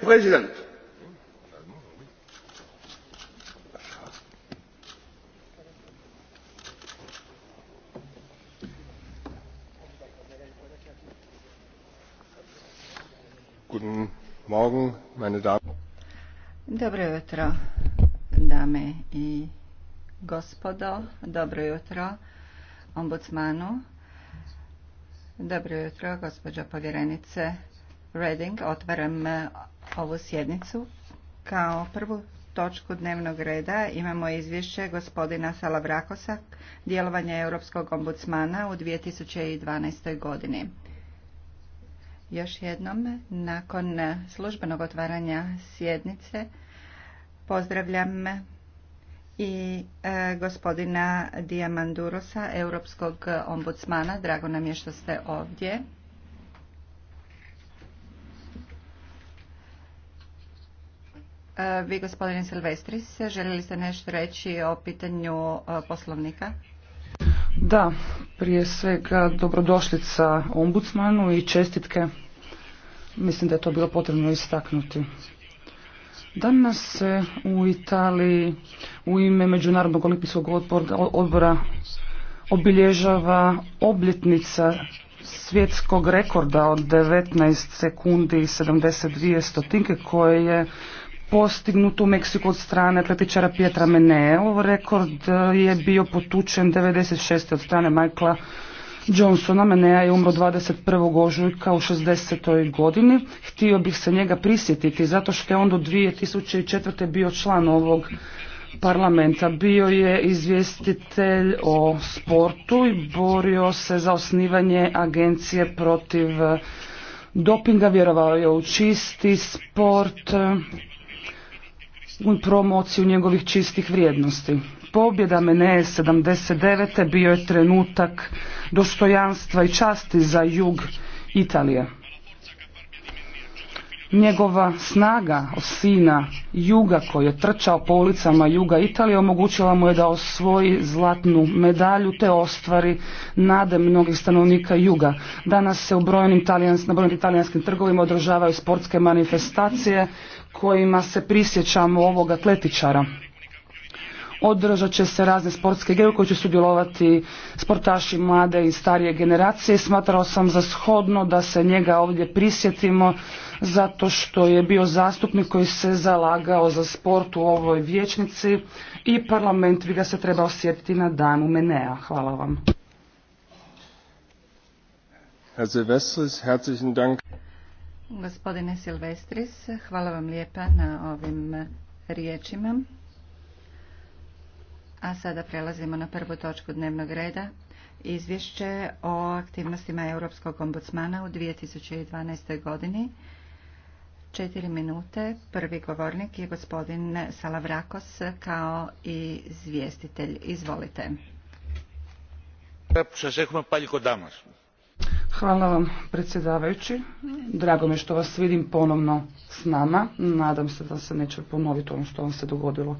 President, Guten Morgen, meine Damen. Dobro jutro, dame i gospodo. Dobro jutro, ombudsmanu. Dobro jutro, gospođo povjerenice Reding. Otvaram e, ovu sjednicu. Kao prvu točku dnevnog reda imamo izvješće gospodina Salavrakosa, djelovanja Europskog ombudsmana u 2012. godini. Još jednom, nakon službenog otvaranja sjednice, pozdravljam i e, gospodina Diamandurosa, europskog ombudsmana. Drago nam je što ste ovdje. E, vi, gospodine Silvestris, želili ste nešto reći o pitanju e, poslovnika? Da, prije svega dobrodošlica ombudsmanu i čestitke. Mislim da je to bilo potrebno istaknuti. Danas se u Italiji u ime Međunarodnog olimpijskog odbora obilježava obljetnica svjetskog rekorda od 19 sekundi i 72 stotinke koje je postignut u Meksiku od strane atletičara Pietra Meneo. Rekord e, je bio potučen 96. od strane Michaela Johnsona. Menea je umro 21. ožujka u 60. godini. Htio bih se njega prisjetiti zato što je on do 2004. bio član ovog parlamenta. Bio je izvjestitelj o sportu i borio se za osnivanje agencije protiv dopinga, vjerovao je u čisti sport promociju njegovih čistih vrijednosti. Pobjeda Mene 79. bio je trenutak dostojanstva i časti za jug Italije. Njegova snaga sina Juga koji je trčao po ulicama Juga Italije omogućila mu je da osvoji zlatnu medalju te ostvari nade mnogih stanovnika Juga. Danas se u brojnim, na brojnim italijanskim trgovima održavaju sportske manifestacije kojima se prisjećamo ovog atletičara. Održat će se razne sportske igre u će sudjelovati sportaši mlade i starije generacije. Smatrao sam za shodno da se njega ovdje prisjetimo zato što je bio zastupnik koji se zalagao za sport u ovoj vječnici i parlament bi ga se trebao sjetiti na danu Menea. Hvala vam. Gospodine Silvestris, hvala vam lijepa na ovim riječima. A sada prelazimo na prvu točku dnevnog reda. Izvješće o aktivnostima Europskog ombudsmana u 2012. godini. Četiri minute. Prvi govornik je gospodin Salavrakos kao i izvjestitelj. Izvolite. Hvala vam predsjedavajući. Drago mi je što vas vidim ponovno s nama. Nadam se da se neće ponoviti ono što vam se dogodilo.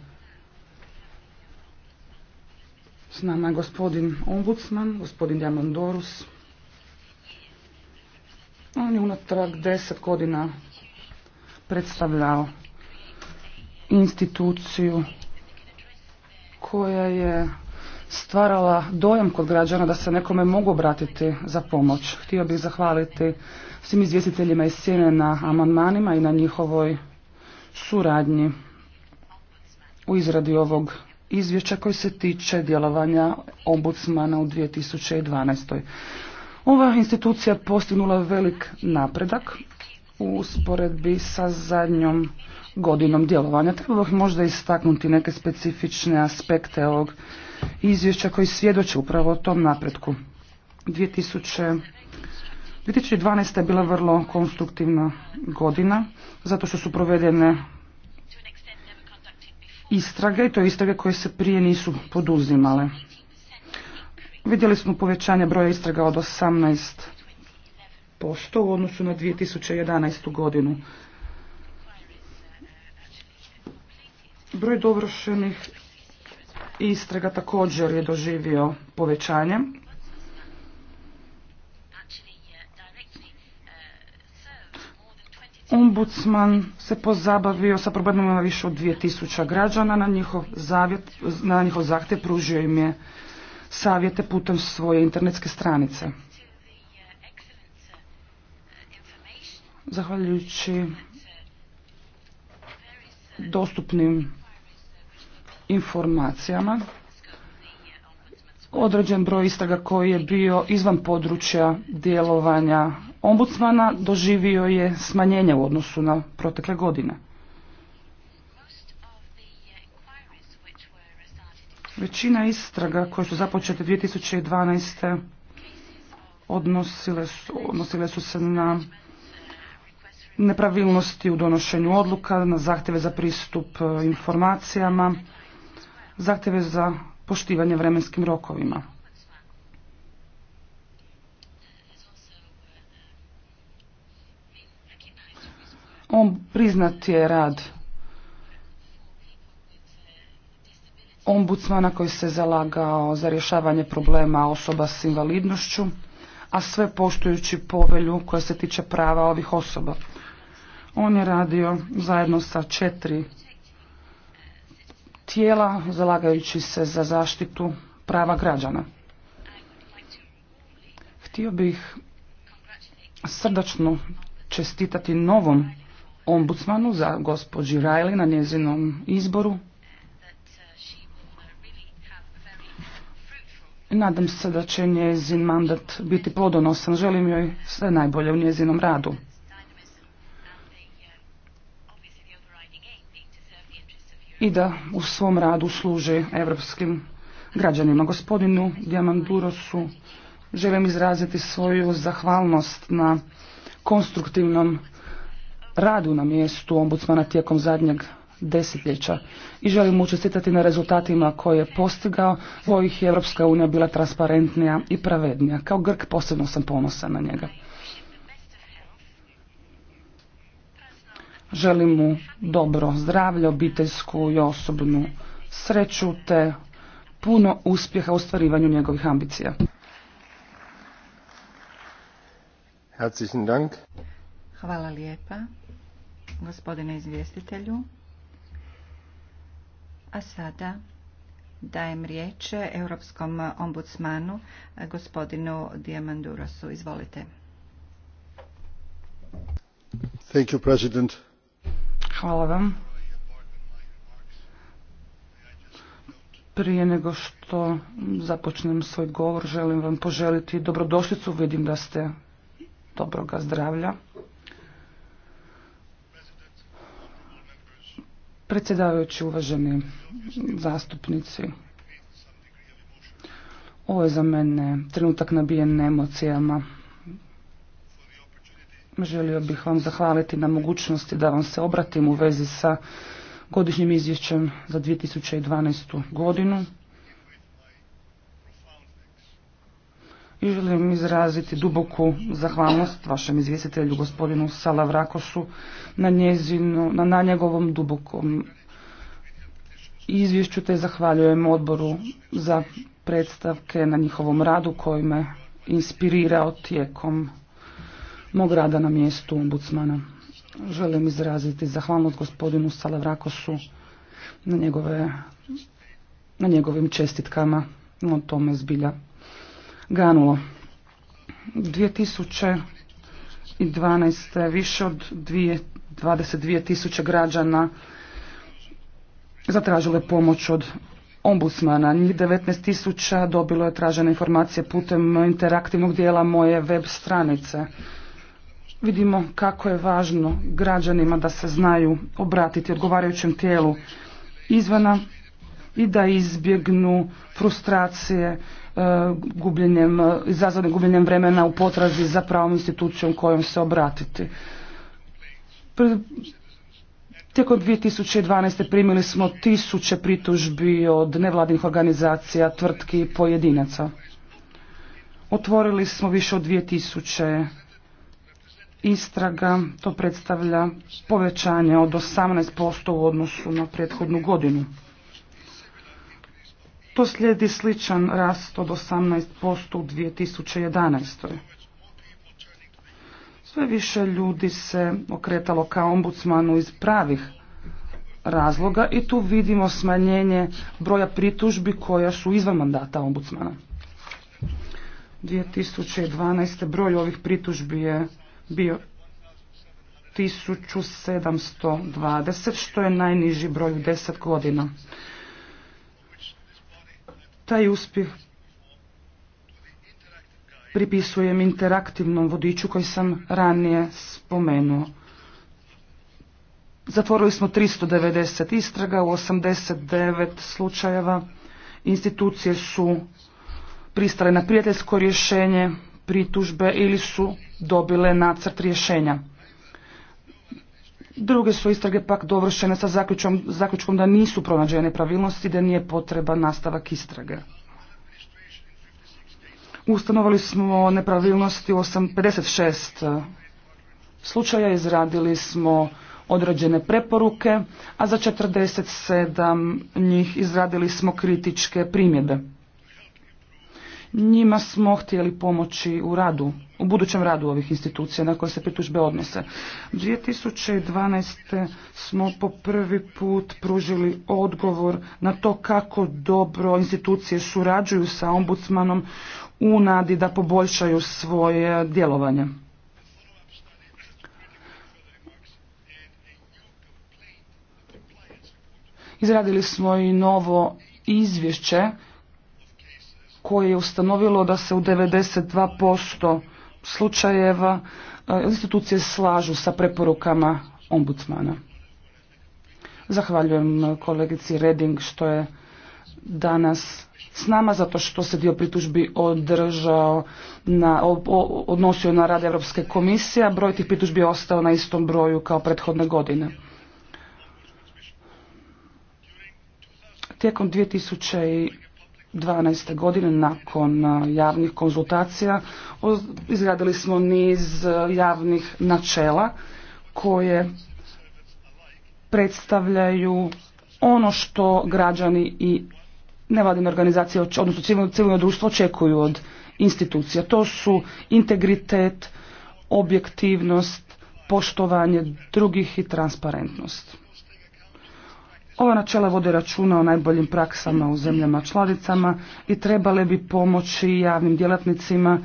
S nama je gospodin ombudsman, gospodin Diamandorus. On je unatrag deset godina predstavljao instituciju koja je stvarala dojam kod građana da se nekome mogu obratiti za pomoć. Htio bih zahvaliti svim izvjestiteljima iz cijene na amandmanima i na njihovoj suradnji u izradi ovog izvješća koji se tiče djelovanja ombudsmana u 2012. Ova institucija postignula velik napredak u usporedbi sa zadnjom godinom djelovanja. Trebalo bih možda istaknuti neke specifične aspekte ovog izvješća koji svjedoče upravo o tom napretku. 2012. je bila vrlo konstruktivna godina, zato što su provedene istrage, i to istrage koje se prije nisu poduzimale. Vidjeli smo povećanje broja istraga od 18% u odnosu na 2011. godinu. Broj dovršenih istraga također je doživio povećanje. Ombudsman se pozabavio sa problemima više od 2000 građana, na njihov, zavjet, na njihov zahte pružio im je savjete putem svoje internetske stranice. Zahvaljujući dostupnim informacijama određen broj istraga koji je bio izvan područja djelovanja ombudsmana doživio je smanjenje u odnosu na protekle godine. Većina istraga koje su započete 2012. Odnosile su, odnosile su se na nepravilnosti u donošenju odluka, na zahtjeve za pristup e, informacijama, zahtjeve za poštivanje vremenskim rokovima. On priznat je rad ombudsmana koji se zalagao za rješavanje problema osoba s invalidnošću, a sve poštujući povelju koja se tiče prava ovih osoba. On je radio zajedno sa četiri tijela zalagajući se za zaštitu prava građana. Htio bih srdačno čestitati novom ombudsmanu za gospođi Rajli na njezinom izboru. Nadam se da će njezin mandat biti plodonosan. Želim joj sve najbolje u njezinom radu. i da u svom radu služe evropskim građanima. Gospodinu Diamandurosu želim izraziti svoju zahvalnost na konstruktivnom radu na mjestu ombudsmana tijekom zadnjeg desetljeća i želim mu na rezultatima koje je postigao kojih je Europska unija bila transparentnija i pravednija. Kao Grk posebno sam ponosan na njega. Želim mu dobro zdravlje, obiteljsku i osobnu sreću te puno uspjeha u ostvarivanju njegovih ambicija. Dank. Hvala lijepa, gospodine izvjestitelju. A sada dajem riječ Europskom ombudsmanu, gospodinu Diamandurosu. Izvolite. Thank you, President. Hvala vam. Prije nego što započnem svoj govor, želim vam poželiti dobrodošlicu. Vidim da ste dobroga zdravlja. Predsjedavajući uvaženi zastupnici, ovo je za mene trenutak nabijen emocijama. Želio bih vam zahvaliti na mogućnosti da vam se obratim u vezi sa godišnjim izvješćem za 2012. godinu. I želim izraziti duboku zahvalnost vašem izvjestitelju gospodinu Salavrakosu na, njezinu, na, na njegovom dubokom izvješću te zahvaljujem odboru za predstavke na njihovom radu koji me inspirirao tijekom mog rada na mjestu ombudsmana. Želim izraziti zahvalnost gospodinu Salavrakosu na, njegove, na njegovim čestitkama. No tome zbilja ganulo. 2012. više od 22 tisuće građana zatražile pomoć od ombudsmana. Njih 19 tisuća dobilo je tražene informacije putem interaktivnog dijela moje web stranice. Vidimo kako je važno građanima da se znaju obratiti odgovarajućem tijelu izvana i da izbjegnu frustracije e, gubljenjem, izazvane gubljenjem vremena u potrazi za pravom institucijom kojom se obratiti. Tijekom 2012. primili smo tisuće pritužbi od nevladinih organizacija, tvrtki i pojedinaca. Otvorili smo više od 2000 istraga, to predstavlja povećanje od 18% u odnosu na prethodnu godinu. To slijedi sličan rast od 18% u 2011. Sve više ljudi se okretalo kao ombudsmanu iz pravih razloga i tu vidimo smanjenje broja pritužbi koja su izvan mandata ombudsmana. 2012. broj ovih pritužbi je bio 1720, što je najniži broj u deset godina. Taj uspjeh pripisujem interaktivnom vodiču koji sam ranije spomenuo. Zatvorili smo 390 istraga u 89 slučajeva. Institucije su pristale na prijateljsko rješenje, pritužbe ili su dobile nacrt rješenja. Druge su istrage pak dovršene sa zaključkom, zaključkom da nisu pronađene nepravilnosti da nije potreba nastavak istrage. Ustanovali smo nepravilnosti u 56 slučaja, izradili smo određene preporuke, a za 47 njih izradili smo kritičke primjede. Njima smo htjeli pomoći u radu, u budućem radu ovih institucija na koje se pritužbe odnose. 2012. smo po prvi put pružili odgovor na to kako dobro institucije surađuju sa ombudsmanom u nadi da poboljšaju svoje djelovanje. Izradili smo i novo izvješće koje je ustanovilo da se u 92% slučajeva e, institucije slažu sa preporukama ombudsmana. Zahvaljujem e, kolegici Reding što je danas s nama zato što se dio pritužbi održao na, odnosio na rad Europske komisije, a broj tih pritužbi je ostao na istom broju kao prethodne godine. Tijekom 2000 2012. godine nakon e, javnih konzultacija izgradili smo niz e, javnih načela koje predstavljaju ono što građani i nevladine organizacije, odnosno civilno, civilno društvo očekuju od institucija. To su integritet, objektivnost, poštovanje drugih i transparentnost. Ova načela vode računa o najboljim praksama u zemljama članicama i trebale bi pomoći javnim djelatnicima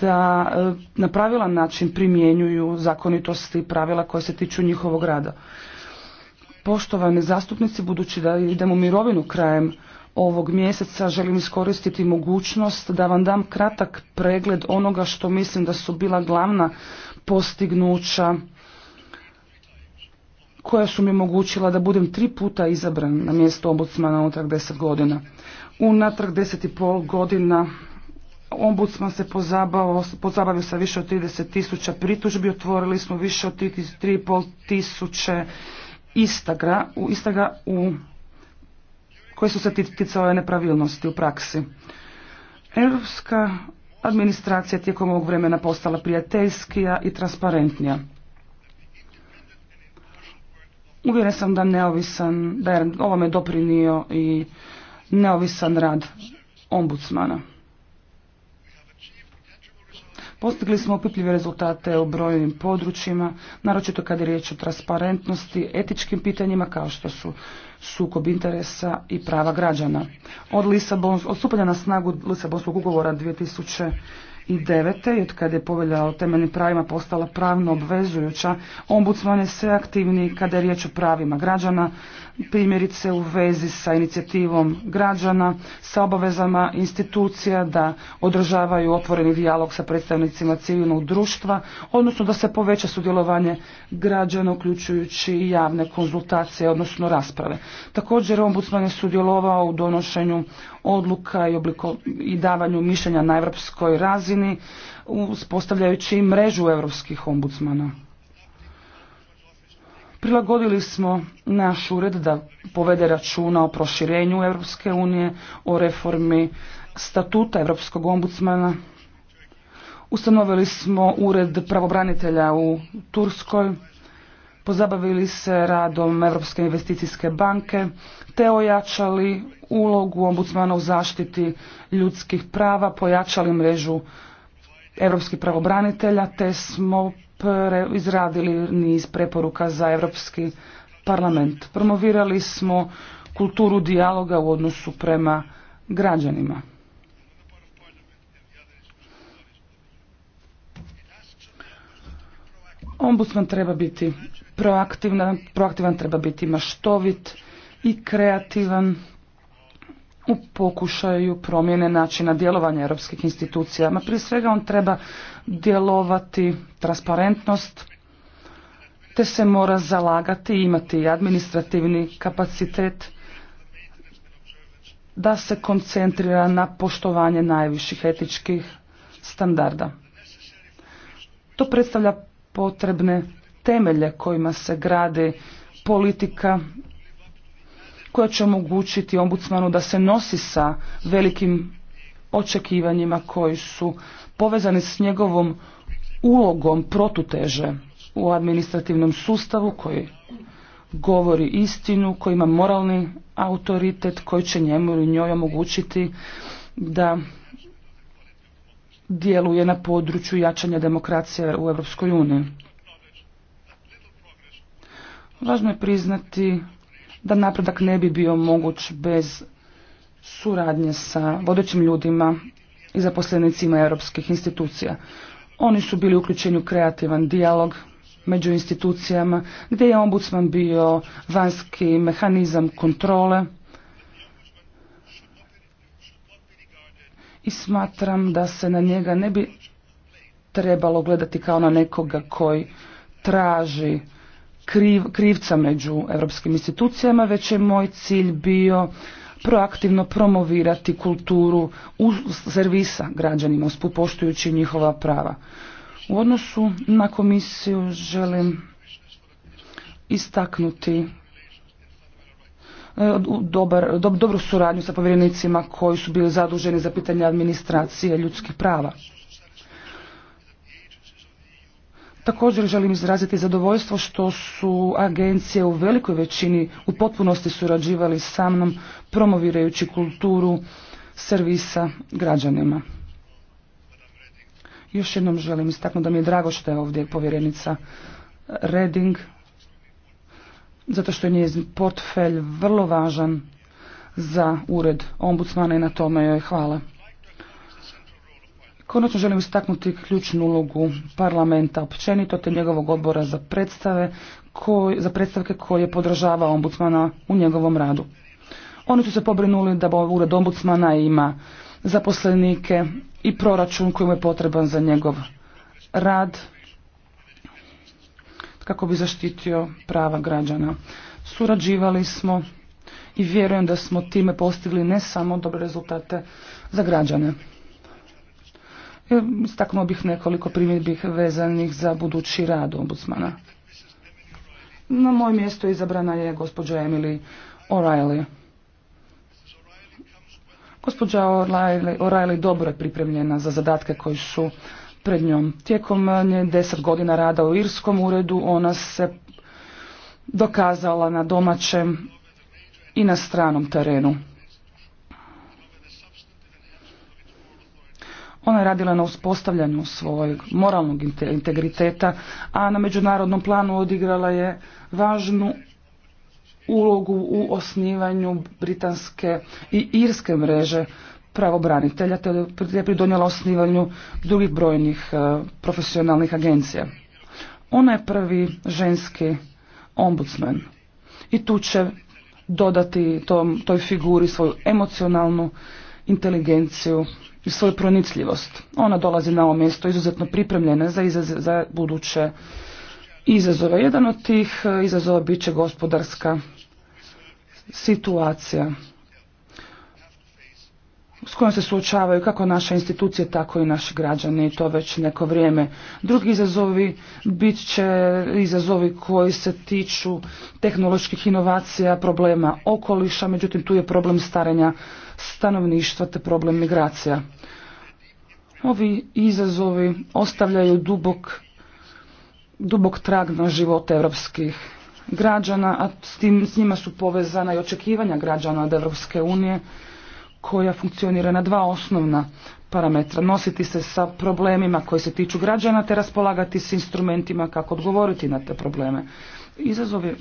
da e, na pravilan način primjenjuju zakonitosti i pravila koje se tiču njihovog rada. Poštovani zastupnici, budući da idemo u mirovinu krajem ovog mjeseca, želim iskoristiti mogućnost da vam dam kratak pregled onoga što mislim da su bila glavna postignuća koja su mi omogućila da budem tri puta izabran na mjesto ombudsmana unatrag deset godina. Unatrag deset i pol godina ombudsman se pozabavio, sa više od 30 tisuća pritužbi, otvorili smo više od 3,5 tisuće istaga, u, istaga u koje su se ticale nepravilnosti u praksi. Europska administracija tijekom ovog vremena postala prijateljskija i transparentnija. Uvjeren sam da neovisan, da je ovome doprinio i neovisan rad ombudsmana. Postigli smo opipljive rezultate u brojnim područjima, naročito kad je riječ o transparentnosti, etičkim pitanjima kao što su sukob interesa i prava građana. Od, stupanja na snagu Lisabonskog ugovora 2000 2009. i od kada je povelja o temeljnim pravima postala pravno obvezujuća, ombudsman je sve aktivniji kada je riječ o pravima građana, primjerice u vezi sa inicijativom građana, sa obavezama institucija da održavaju otvoreni dijalog sa predstavnicima civilnog društva, odnosno da se poveća sudjelovanje građana uključujući i javne konzultacije, odnosno rasprave. Također, ombudsman je sudjelovao u donošenju odluka i, obliko, davanju mišljenja na europskoj razini, uspostavljajući mrežu europskih ombudsmana. Prilagodili smo naš ured da povede računa o proširenju Europske unije, o reformi statuta Europskog ombudsmana. Ustanovili smo ured pravobranitelja u Turskoj, pozabavili se radom Europske investicijske banke te ojačali ulogu ombudsmana u zaštiti ljudskih prava, pojačali mrežu europskih pravobranitelja te smo pre, izradili niz preporuka za Europski parlament. Promovirali smo kulturu dijaloga u odnosu prema građanima. Ombudsman treba biti proaktivan, proaktivan treba biti maštovit i kreativan u pokušaju promjene načina djelovanja europskih institucija. Ma prije svega on treba djelovati transparentnost, te se mora zalagati i imati administrativni kapacitet da se koncentrira na poštovanje najviših etičkih standarda. To predstavlja potrebne temelje kojima se grade politika koja će omogućiti ombudsmanu da se nosi sa velikim očekivanjima koji su povezani s njegovom ulogom protuteže u administrativnom sustavu koji govori istinu, koji ima moralni autoritet, koji će njemu i njoj omogućiti da djeluje na području jačanja demokracije u Europskoj Važno je priznati da napredak ne bi bio moguć bez suradnje sa vodećim ljudima i zaposlenicima europskih institucija. Oni su bili uključeni u kreativan dijalog među institucijama gdje je ombudsman bio vanjski mehanizam kontrole i smatram da se na njega ne bi trebalo gledati kao na nekoga koji traži krivca među europskim institucijama, već je moj cilj bio proaktivno promovirati kulturu u servisa građanima, uspupoštujući poštujući njihova prava. U odnosu na komisiju želim istaknuti e, dobar, dobru suradnju sa povjerenicima koji su bili zaduženi za pitanje administracije ljudskih prava. Također želim izraziti zadovoljstvo što su agencije u velikoj većini u potpunosti surađivali sa mnom promovirajući kulturu servisa građanima. Još jednom želim istaknuti da mi je drago što je ovdje povjerenica Reding, zato što je njezin portfelj vrlo važan za ured ombudsmana i na tome joj hvala. Konačno želim istaknuti ključnu ulogu parlamenta općenito te njegovog odbora za predstave koj, za predstavke koje podržava ombudsmana u njegovom radu. Oni su se pobrinuli da ured ombudsmana ima zaposlenike i proračun koji mu je potreban za njegov rad kako bi zaštitio prava građana. Surađivali smo i vjerujem da smo time postigli ne samo dobre rezultate za građane. Istaknuo bih nekoliko primjedbi vezanih za budući rad ombudsmana. Na moj mjesto izabrana je gospođa Emily O'Reilly. Gospođa O'Reilly dobro je pripremljena za zadatke koji su pred njom. Tijekom nje deset godina rada u Irskom uredu ona se dokazala na domaćem i na stranom terenu. Ona je radila na uspostavljanju svojeg moralnog integriteta, a na međunarodnom planu odigrala je važnu ulogu u osnivanju britanske i irske mreže pravobranitelja, te je pridonjela osnivanju drugih brojnih e, profesionalnih agencija. Ona je prvi ženski ombudsman i tu će dodati tom, toj figuri svoju emocionalnu inteligenciju svoju pronicljivost. Ona dolazi na ovo mjesto izuzetno pripremljena za, za buduće izazove. Jedan od tih e, izazova bit će gospodarska situacija s kojom se suočavaju kako naše institucije, tako i naši građani i to već neko vrijeme. Drugi izazovi bit će izazovi koji se tiču tehnoloških inovacija, problema okoliša, međutim tu je problem starenja stanovništva te problem migracija. Ovi izazovi ostavljaju dubok, dubok trag na život evropskih građana, a s, tim, s njima su povezana i očekivanja građana od Evropske unije koja funkcionira na dva osnovna parametra. Nositi se sa problemima koji se tiču građana te raspolagati s instrumentima kako odgovoriti na te probleme. Izazovi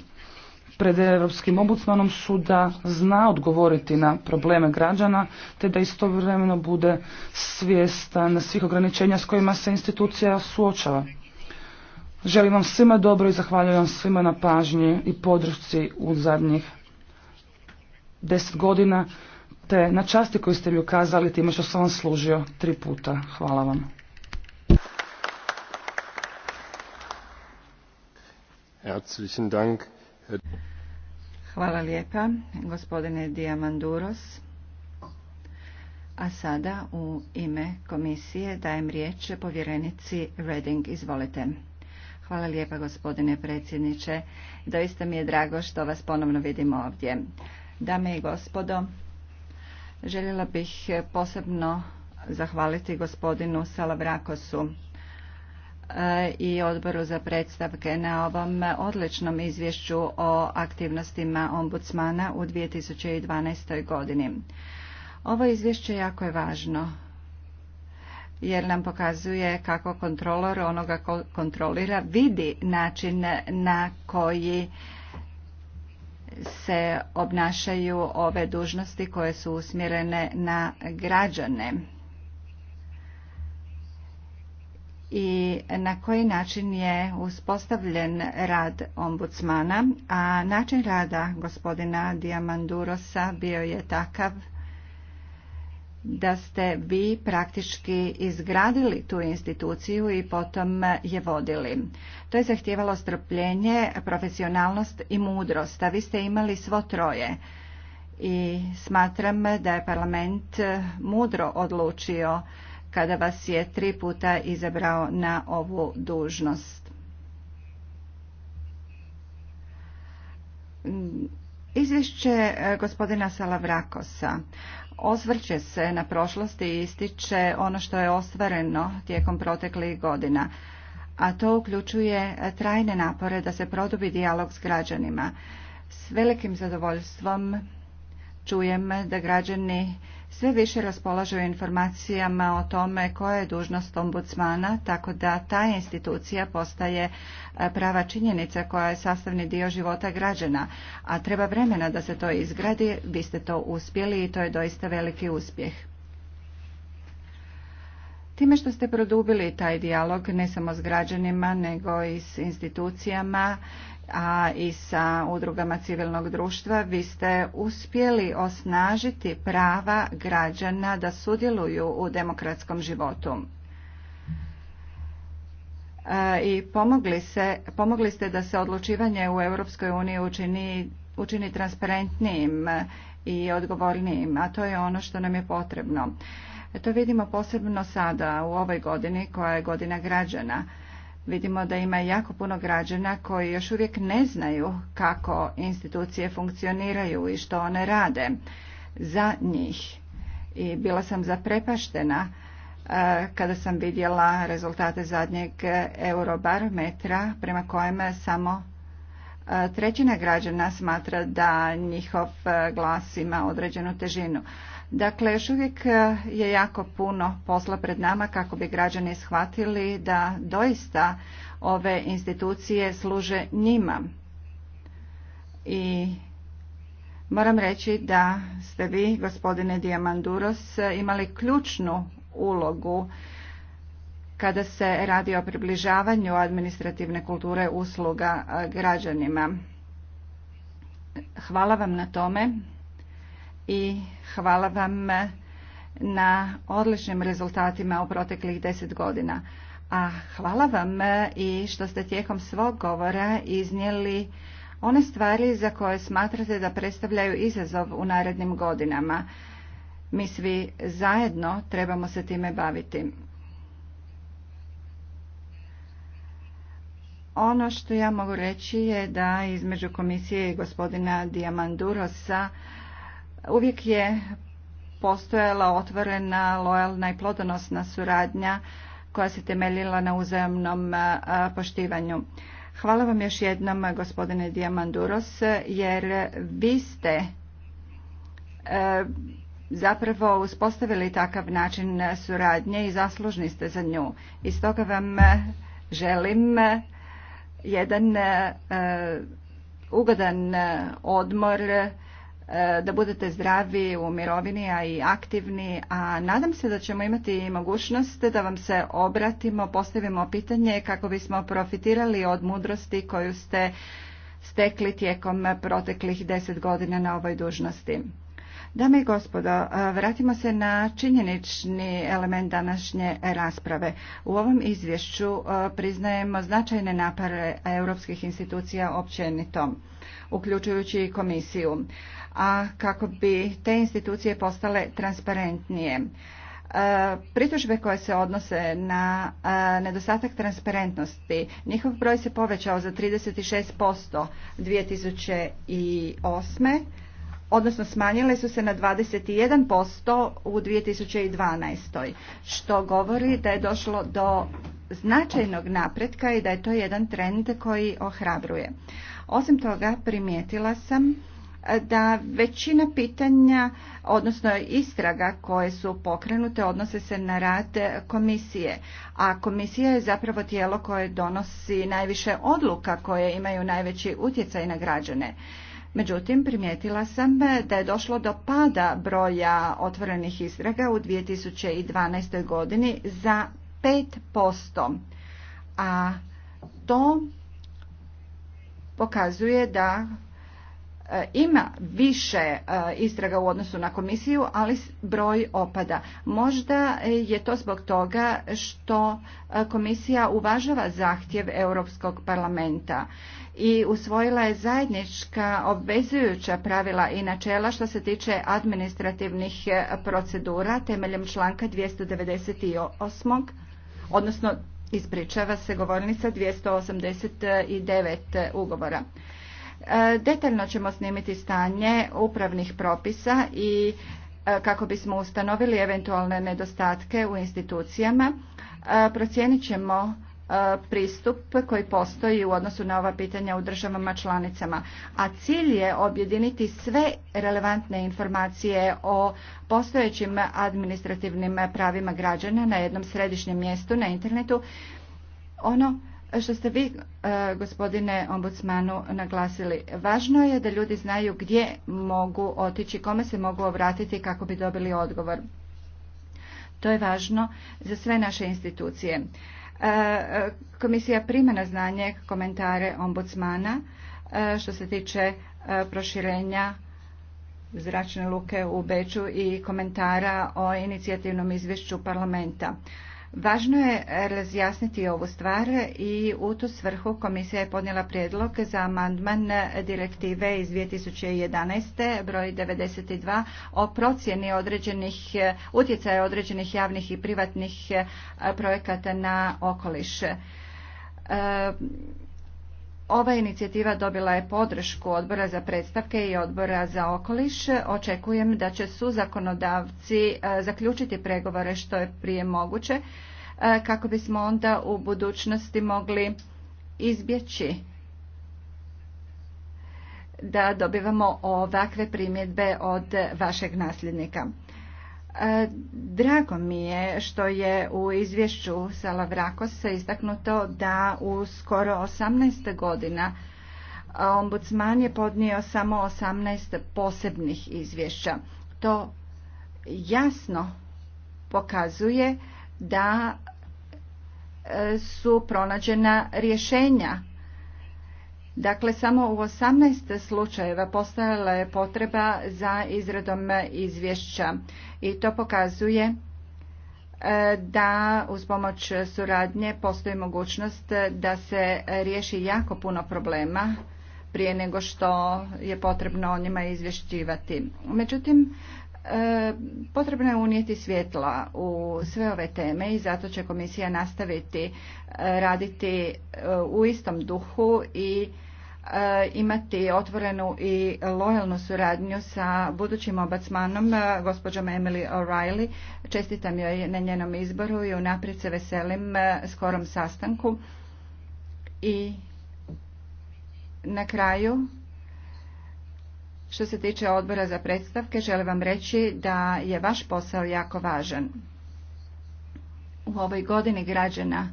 pred Europskim obucmanom su da zna odgovoriti na probleme građana te da istovremeno bude svjestan svih ograničenja s kojima se institucija suočava. Želim vam svima dobro i zahvaljujem svima na pažnji i podršci u zadnjih deset godina te na časti koju ste mi ukazali time što sam vam služio tri puta. Hvala vam. Herzlichen Dank. Hvala lijepa, gospodine Diamanduros. A sada u ime komisije dajem riječ povjerenici Reding. Izvolite. Hvala lijepa gospodine predsjedniče. Doista mi je drago što vas ponovno vidim ovdje. Dame i gospodo, željela bih posebno zahvaliti gospodinu Salavrakosu i odboru za predstavke na ovom odličnom izvješću o aktivnostima ombudsmana u 2012. godini. Ovo izvješće jako je važno jer nam pokazuje kako kontrolor onoga ko kontrolira vidi način na koji se obnašaju ove dužnosti koje su usmjerene na građane. i na koji način je uspostavljen rad ombudsmana, a način rada gospodina Diamandurosa bio je takav da ste vi praktički izgradili tu instituciju i potom je vodili. To je zahtijevalo strpljenje, profesionalnost i mudrost, a vi ste imali svo troje. I smatram da je parlament mudro odlučio kada vas je tri puta izabrao na ovu dužnost. Izvješće e, gospodina Salavrakosa osvrće se na prošlost i ističe ono što je ostvareno tijekom proteklih godina, a to uključuje trajne napore da se produbi dijalog s građanima. S velikim zadovoljstvom čujem da građani sve više raspolažu informacijama o tome koja je dužnost ombudsmana, tako da ta institucija postaje e, prava činjenica koja je sastavni dio života građana, a treba vremena da se to izgradi, vi ste to uspjeli i to je doista veliki uspjeh. Time što ste produbili taj dijalog ne samo s građanima nego i s institucijama a i sa udrugama civilnog društva, vi ste uspjeli osnažiti prava građana da sudjeluju u demokratskom životu. E, I pomogli, pomogli ste da se odlučivanje u Europskoj uniji učini, učini transparentnijim i odgovornijim, a to je ono što nam je potrebno. E, to vidimo posebno sada u ovoj godini koja je godina građana Vidimo da ima jako puno građana koji još uvijek ne znaju kako institucije funkcioniraju i što one rade za njih. I bila sam zaprepaštena e, kada sam vidjela rezultate zadnjeg eurobarometra prema kojem samo e, trećina građana smatra da njihov e, glas ima određenu težinu. Dakle, još uvijek e, je jako puno posla pred nama kako bi građani shvatili da doista ove institucije služe njima. I moram reći da ste vi, gospodine Diamanduros, imali ključnu ulogu kada se radi o približavanju administrativne kulture usluga e, građanima. Hvala vam na tome i hvala vam na odličnim rezultatima u proteklih deset godina. A hvala vam i što ste tijekom svog govora iznijeli one stvari za koje smatrate da predstavljaju izazov u narednim godinama. Mi svi zajedno trebamo se time baviti. Ono što ja mogu reći je da između komisije i gospodina Diamandurosa Uvijek je postojala otvorena, lojalna i plodonosna suradnja koja se temeljila na uzajamnom poštivanju. Hvala vam još jednom gospodine Diamanduros jer vi ste e, zapravo uspostavili takav način suradnje i zaslužni ste za nju. I stoga vam e, želim e, jedan ugodan odmor E, da budete zdravi u mirovini, a i aktivni, a nadam se da ćemo imati mogućnost da vam se obratimo, postavimo pitanje kako bismo profitirali od mudrosti koju ste stekli tijekom proteklih deset godina na ovoj dužnosti. Dame i gospodo, vratimo se na činjenični element današnje rasprave. U ovom izvješću priznajemo značajne napare europskih institucija općenito, uključujući i komisiju, a kako bi te institucije postale transparentnije. Pritužbe koje se odnose na nedostatak transparentnosti, njihov broj se povećao za 36% 2008 odnosno smanjile su se na 21% u 2012. što govori da je došlo do značajnog napretka i da je to jedan trend koji ohrabruje. Osim toga primijetila sam e, da većina pitanja, odnosno istraga koje su pokrenute, odnose se na rad komisije. A komisija je zapravo tijelo koje donosi najviše odluka koje imaju najveći utjecaj na građane. Međutim, primijetila sam da je došlo do pada broja otvorenih istraga u 2012. godini za 5%, a to pokazuje da e, ima više e, istraga u odnosu na komisiju, ali broj opada. Možda je to zbog toga što e, komisija uvažava zahtjev Europskog parlamenta i usvojila je zajednička obvezujuća pravila i načela što se tiče administrativnih e, procedura temeljem članka 298. odnosno ispričava se govornica 289 ugovora. E, detaljno ćemo snimiti stanje upravnih propisa i e, kako bismo ustanovili eventualne nedostatke u institucijama. Procijenit ćemo E, pristup koji postoji u odnosu na ova pitanja u državama članicama. A cilj je objediniti sve relevantne informacije o postojećim administrativnim pravima građana na jednom središnjem mjestu na internetu. Ono što ste vi, e, gospodine ombudsmanu, naglasili, važno je da ljudi znaju gdje mogu otići, kome se mogu obratiti kako bi dobili odgovor. To je važno za sve naše institucije. E, komisija prima na znanje komentare ombudsmana e, što se tiče e, proširenja zračne luke u Beču i komentara o inicijativnom izvješću parlamenta. Važno je razjasniti ovu stvar i u tu svrhu komisija je podnijela prijedlog za amandman direktive iz 2011. broj 92 o procjeni određenih utjecaja određenih javnih i privatnih e, projekata na okoliš e, ova inicijativa dobila je podršku odbora za predstavke i odbora za okoliš. Očekujem da će su zakonodavci e, zaključiti pregovore što je prije moguće e, kako bismo onda u budućnosti mogli izbjeći da dobivamo ovakve primjedbe od vašeg nasljednika. E, drago mi je što je u izvješću Salavrakosa istaknuto da u skoro 18 godina e, ombudsman je podnio samo 18 posebnih izvješća. To jasno pokazuje da e, su pronađena rješenja Dakle, samo u 18 slučajeva postojala je potreba za izradom izvješća i to pokazuje e, da uz pomoć suradnje postoji mogućnost da se riješi jako puno problema prije nego što je potrebno o njima izvješćivati. Međutim, e, potrebno je unijeti svjetla u sve ove teme i zato će komisija nastaviti e, raditi u istom duhu i Eh, imati otvorenu i lojalnu suradnju sa budućim obacmanom, eh, gospođom Emily O'Reilly. Čestitam joj na njenom izboru i unaprijed se veselim eh, skorom sastanku. I na kraju, što se tiče odbora za predstavke, želim vam reći da je vaš posao jako važan. U ovoj godini građana,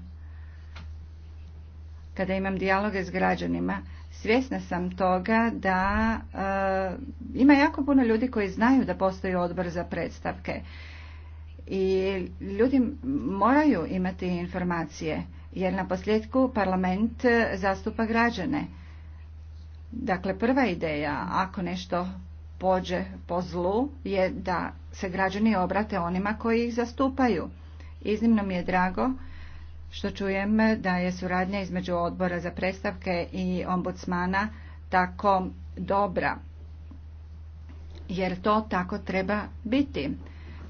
kada imam dijaloge s građanima, Svjesna sam toga da e, ima jako puno ljudi koji znaju da postoji odbor za predstavke i ljudi moraju imati informacije jer na posljedku parlament zastupa građane. Dakle, prva ideja ako nešto pođe po zlu je da se građani obrate onima koji ih zastupaju. Iznimno mi je drago što čujem da je suradnja između odbora za predstavke i ombudsmana tako dobra. Jer to tako treba biti.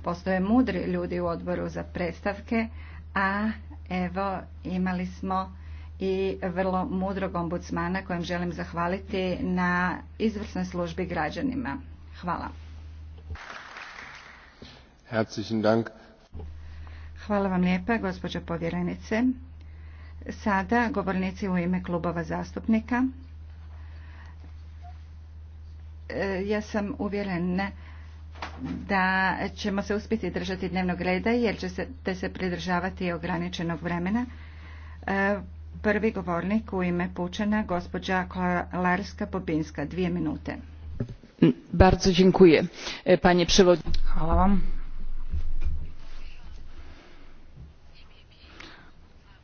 Postoje mudri ljudi u odboru za predstavke, a evo imali smo i vrlo mudrog ombudsmana kojem želim zahvaliti na izvrsnoj službi građanima. Hvala. Herzlichen Dank. Hvala vam lijepa, gospođo povjerenice. Sada govornici u ime klubova zastupnika. E, ja sam uvjeren da ćemo se uspjeti držati dnevnog reda jer će se pridržavati ograničenog vremena. E, prvi govornik u ime Pučana, gospođa Larska popinska dvije minute. Bardzo dziękuję, e, panie przewodniczący. Hvala vam,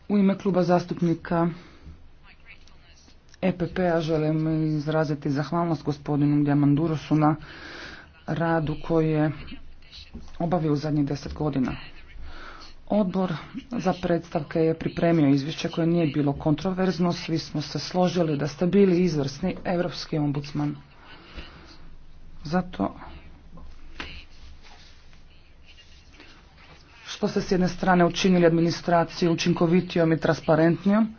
U ime kluba zastupnika EPP-a želim izraziti zahvalnost gospodinu Diamandurosu na radu koji je obavio u zadnjih deset godina. Odbor za predstavke je pripremio izvješće koje nije bilo kontroverzno, svi smo se složili da ste bili izvrsni europski ombudsman. Zato što ste s jedne strane učinili administraciju učinkovitijom i transparentnijom,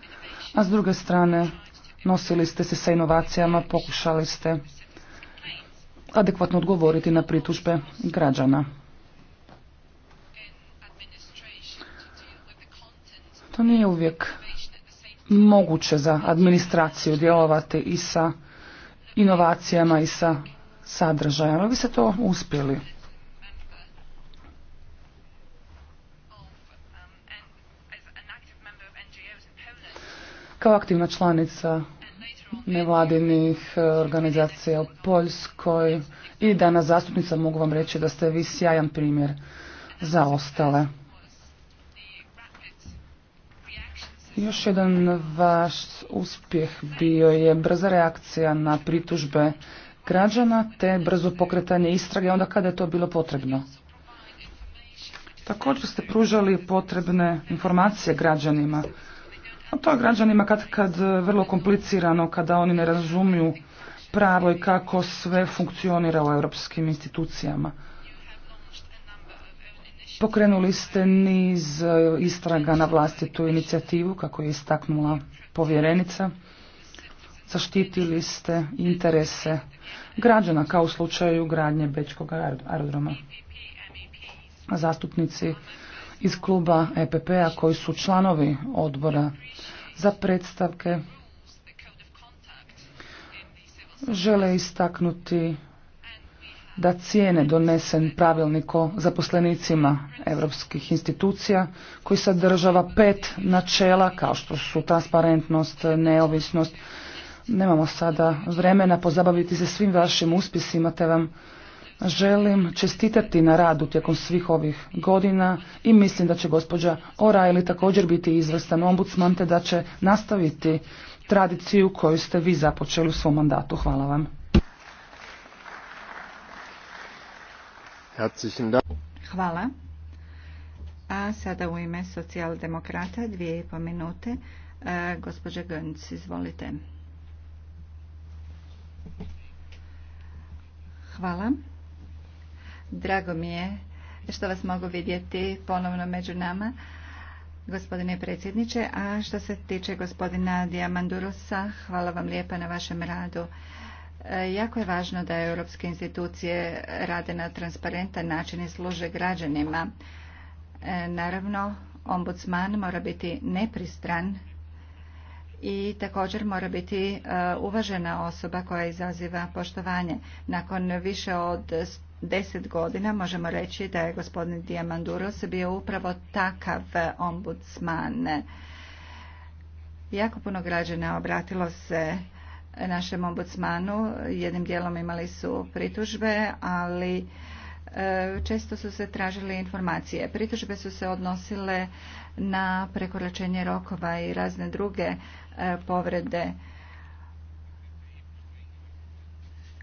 a s druge strane nosili ste se sa inovacijama, pokušali ste adekvatno odgovoriti na pritužbe građana. To nije uvijek moguće za administraciju djelovati i sa inovacijama i sa sadržajem, vi ste to uspjeli. Kao aktivna članica nevladinih e, organizacija u Poljskoj i danas zastupnica mogu vam reći da ste vi sjajan primjer za ostale. Još jedan vaš uspjeh bio je brza reakcija na pritužbe građana te brzo pokretanje istrage onda kada je to bilo potrebno. Također ste pružali potrebne informacije građanima a to je građanima kad, kad e, vrlo komplicirano, kada oni ne razumiju pravo i kako sve funkcionira u europskim institucijama. Pokrenuli ste niz e, istraga na vlastitu inicijativu, kako je istaknula povjerenica. Zaštitili ste interese građana, kao u slučaju gradnje Bečkog aerodroma. Zastupnici iz kluba EPP-a koji su članovi odbora za predstavke žele istaknuti da cijene donesen pravilnik o zaposlenicima europskih institucija koji sadržava pet načela kao što su transparentnost, neovisnost. Nemamo sada vremena pozabaviti se svim vašim uspisima te vam želim čestitati na radu tijekom svih ovih godina i mislim da će gospođa O'Reilly također biti izvrstan ombudsman te da će nastaviti tradiciju koju ste vi započeli u svom mandatu. Hvala vam. Hvala. A sada u ime socijaldemokrata dvije i po minute. E, gospođa Gönc, izvolite. Hvala. Drago mi je što vas mogu vidjeti ponovno među nama, gospodine predsjedniče. A što se tiče gospodina Diamandurosa, hvala vam lijepa na vašem radu. E, jako je važno da europske institucije rade na transparentan način i služe građanima. E, naravno, ombudsman mora biti nepristran i također mora biti e, uvažena osoba koja izaziva poštovanje. Nakon više od deset godina možemo reći da je gospodin Diamanduros bio upravo takav ombudsman. Jako puno građana obratilo se našem ombudsmanu. Jednim dijelom imali su pritužbe, ali e, često su se tražile informacije. Pritužbe su se odnosile na prekoračenje rokova i razne druge e, povrede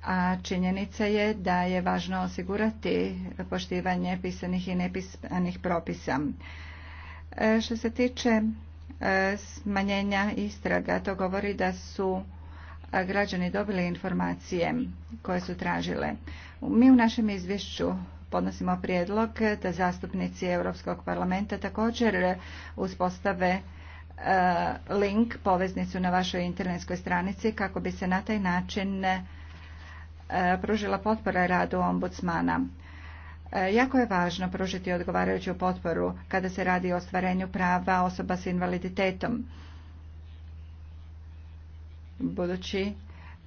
a činjenica je da je važno osigurati poštivanje pisanih i nepisanih propisa. E, što se tiče e, smanjenja istraga, to govori da su građani dobili informacije koje su tražile. Mi u našem izvješću podnosimo prijedlog da zastupnici Europskog parlamenta također uspostave e, link, poveznicu na vašoj internetskoj stranici kako bi se na taj način E, pružila potpora radu ombudsmana. E, jako je važno pružiti odgovarajuću potporu kada se radi o ostvarenju prava osoba s invaliditetom. Budući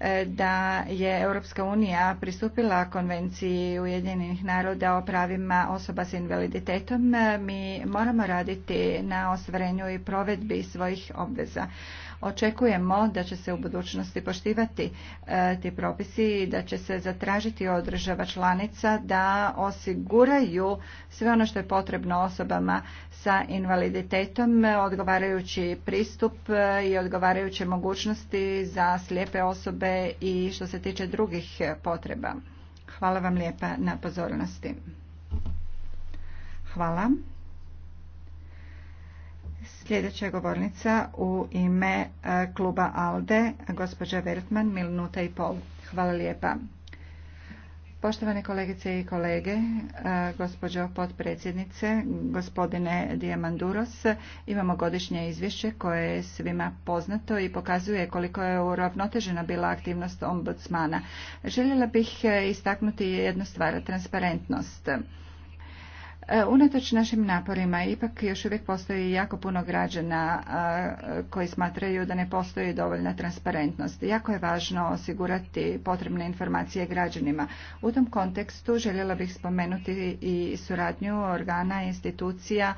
E, da je Europska unija pristupila konvenciji Ujedinjenih naroda o pravima osoba s invaliditetom, e, mi moramo raditi na ostvarenju i provedbi svojih obveza. Očekujemo da će se u budućnosti poštivati e, ti propisi i da će se zatražiti od država članica da osiguraju sve ono što je potrebno osobama sa invaliditetom, odgovarajući pristup i odgovarajuće mogućnosti za slijepe osobe i što se tiče drugih potreba. Hvala vam lijepa na pozornosti. Hvala. Sljedeća govornica u ime e, kluba ALDE, gospođa Vertman, minuta i pol. Hvala lijepa. Poštovane kolegice i kolege, e, gospođo potpredsjednice, gospodine Diamanduros, imamo godišnje izvješće koje je svima poznato i pokazuje koliko je uravnotežena bila aktivnost ombudsmana. Željela bih e, istaknuti jednu stvar, transparentnost. E, unatoč našim naporima ipak još uvijek postoji jako puno građana koji smatraju da ne postoji dovoljna transparentnost. Jako je važno osigurati potrebne informacije građanima. U tom kontekstu željela bih spomenuti i suradnju organa, institucija,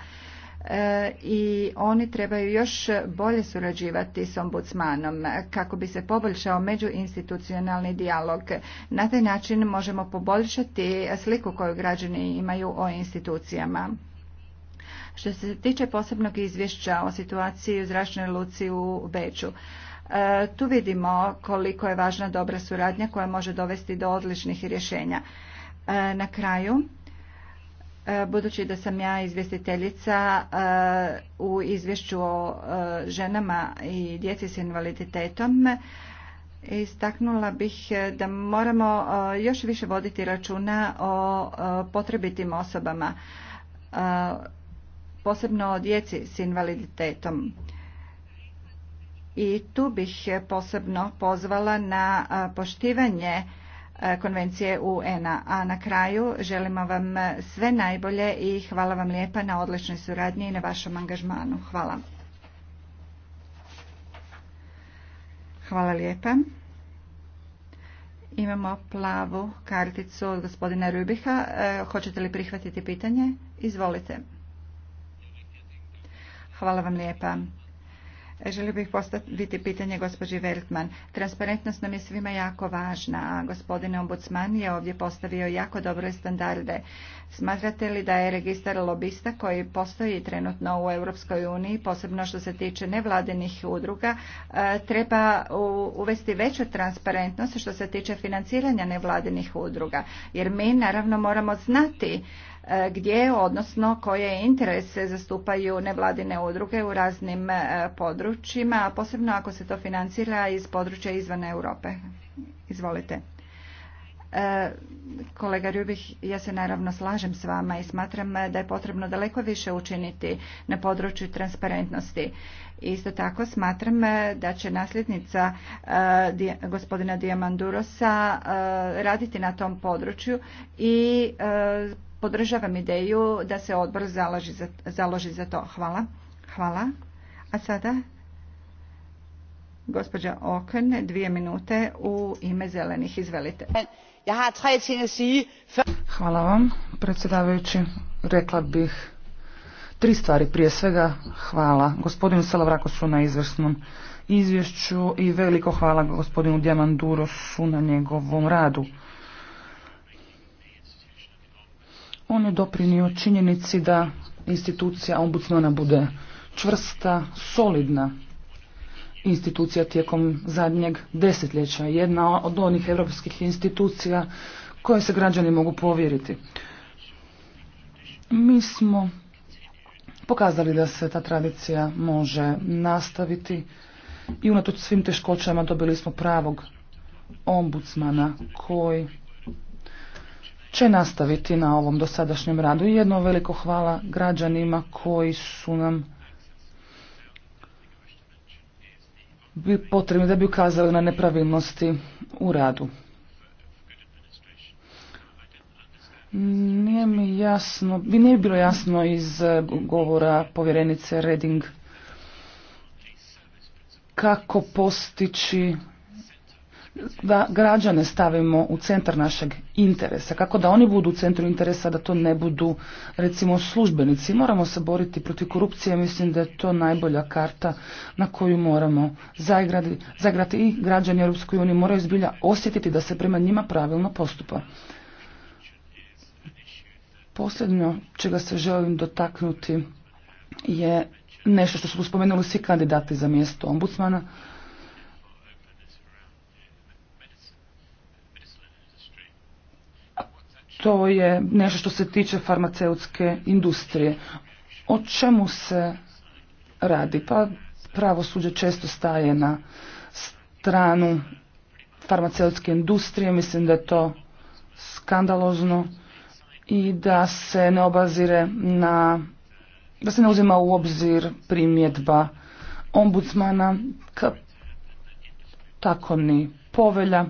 E, i oni trebaju još bolje surađivati s ombudsmanom kako bi se poboljšao međuinstitucionalni dijalog. Na taj način možemo poboljšati sliku koju građani imaju o institucijama. Što se tiče posebnog izvješća o situaciji u zračnoj luci u Beču, e, tu vidimo koliko je važna dobra suradnja koja može dovesti do odličnih rješenja. E, na kraju, E, budući da sam ja izvjestiteljica e, u izvješću o e, ženama i djeci s invaliditetom, Istaknula bih da moramo još više voditi računa o potrebitim osobama, posebno o djeci s invaliditetom. I tu bih posebno pozvala na poštivanje E, konvencije UN-a. na kraju želimo vam sve najbolje i hvala vam lijepa na odličnoj suradnji i na vašem angažmanu. Hvala. Hvala lijepa. Imamo plavu karticu od gospodina Rubiha. E, hoćete li prihvatiti pitanje? Izvolite. Hvala vam lijepa. E, želio bih postaviti pitanje gospođi Veltman. Transparentnost nam je svima jako važna, a gospodine ombudsman je ovdje postavio jako dobre standarde. Smatrate li da je registar lobista koji postoji trenutno u Europskoj uniji, posebno što se tiče nevladinih udruga, e, treba uvesti veću transparentnost što se tiče financiranja nevladinih udruga? Jer mi naravno moramo znati E, gdje, odnosno koje interese zastupaju nevladine udruge u raznim e, područjima, a posebno ako se to financira iz područja izvan Europe. Izvolite. E, kolega Rubih, ja se naravno slažem s vama i smatram da je potrebno daleko više učiniti na području transparentnosti. Isto tako smatram da će nasljednica gospodina Diamandurosa raditi na tom području i podržavam ideju da se odbor založi za, za to. Hvala. Hvala. A sada gospođa Oken, dvije minute u ime zelenih. Izvelite. Hvala vam, predsjedavajući. Rekla bih tri stvari. Prije svega hvala gospodinu Salavrakosu na izvrsnom izvješću i veliko hvala gospodinu Diamandurosu na njegovom radu. On je doprinio činjenici da institucija ombudsmana bude čvrsta, solidna institucija tijekom zadnjeg desetljeća. Jedna od onih europskih institucija koje se građani mogu povjeriti. Mi smo pokazali da se ta tradicija može nastaviti i unatoč svim teškoćama dobili smo pravog ombudsmana koji će nastaviti na ovom dosadašnjem radu. I jedno veliko hvala građanima koji su nam bi potrebni da bi ukazali na nepravilnosti u radu. Nije mi jasno, bi nije bilo jasno iz govora povjerenice Reding kako postići da građane stavimo u centar našeg interesa, kako da oni budu u centru interesa, da to ne budu recimo službenici. Moramo se boriti protiv korupcije, mislim da je to najbolja karta na koju moramo zaigrati, i građani Europskoj uniji moraju zbilja osjetiti da se prema njima pravilno postupa. Posljednjo čega se želim dotaknuti je nešto što su spomenuli svi kandidati za mjesto ombudsmana, to je nešto što se tiče farmaceutske industrije. O čemu se radi? Pa pravosuđe često staje na stranu farmaceutske industrije, mislim da je to skandalozno i da se ne obazire na, da se ne uzima u obzir primjedba ombudsmana, tako ni povelja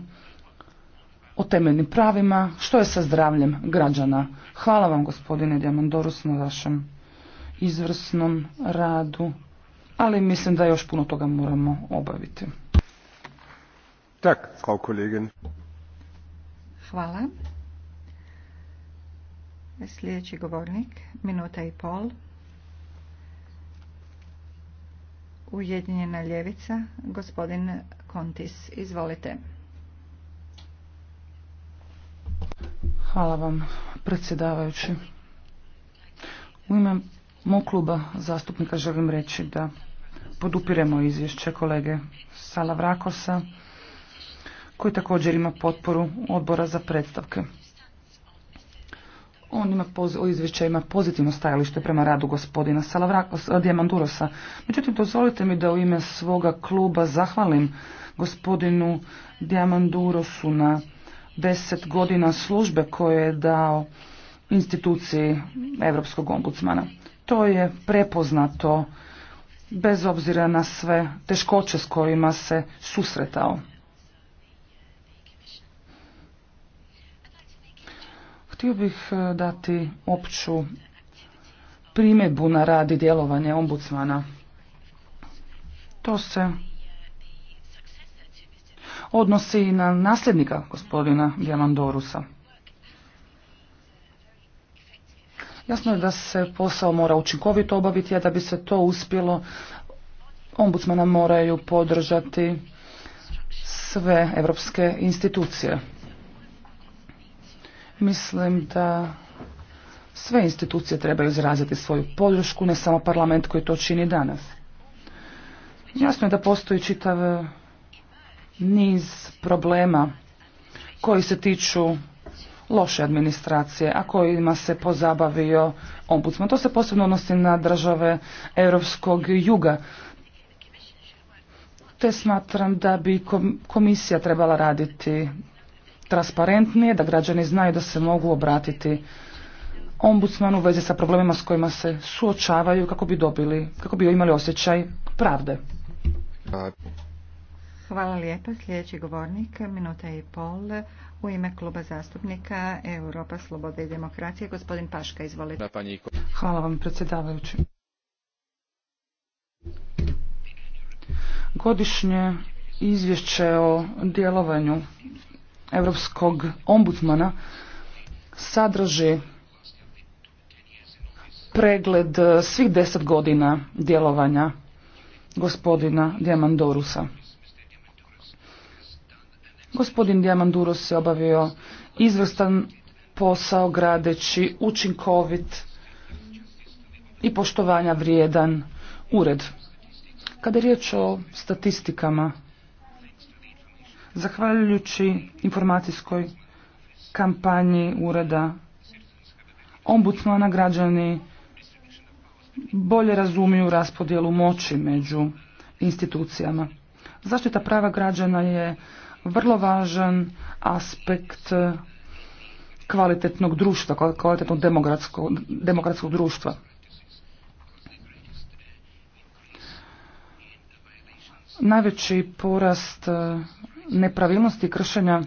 o temeljnim pravima, što je sa zdravljem građana. Hvala vam gospodine Diamandorus na vašem izvrsnom radu, ali mislim da još puno toga moramo obaviti. Tak, Frau kolegin. Hvala. Sljedeći govornik, minuta i pol. Ujedinjena ljevica, gospodin Kontis. Izvolite. Hvala vam, predsjedavajući. U ime mog kluba zastupnika želim reći da podupiremo izvješće kolege Sala Vrakosa, koji također ima potporu odbora za predstavke. On ima o izvješće ima pozitivno stajalište prema radu gospodina Salavrakosa, eh, Diamandurosa. Međutim, dozvolite mi da u ime svoga kluba zahvalim gospodinu Diamandurosu na deset godina službe koje je dao instituciji Europskog ombudsmana. To je prepoznato bez obzira na sve teškoće s kojima se susretao. Htio bih e, dati opću primjedbu na radi i djelovanje ombudsmana. To se odnosi na nasljednika gospodina Diamandorusa. Jasno je da se posao mora učinkovito obaviti, a da bi se to uspjelo, ombudsmana moraju podržati sve evropske institucije. Mislim da sve institucije trebaju izraziti svoju podršku, ne samo parlament koji to čini danas. Jasno je da postoji čitav niz problema koji se tiču loše administracije, a kojima se pozabavio ombudsman. To se posebno odnosi na države europskog juga. Te smatram da bi komisija trebala raditi transparentnije, da građani znaju da se mogu obratiti ombudsmanu u vezi sa problemima s kojima se suočavaju kako bi dobili, kako bi imali osjećaj pravde. Hvala lijepa. Sljedeći govornik, minuta i pol, u ime kluba zastupnika Europa, Sloboda i Demokracije, gospodin Paška, izvolite. Hvala vam, predsjedavajući. Godišnje izvješće o djelovanju Europskog ombudsmana sadrži pregled svih deset godina djelovanja gospodina Diamandorusa. Gospodin Diamanduros se obavio izvrstan posao gradeći učinkovit i poštovanja vrijedan ured. Kada je riječ o statistikama, zahvaljujući informacijskoj kampanji ureda ombudsmana građani bolje razumiju raspodjelu moći među institucijama. Zaštita prava građana je vrlo važan aspekt eh, kvalitetnog društva, kvalitetnog demokratskog, demokratskog društva. Najveći porast eh, nepravilnosti i kršenja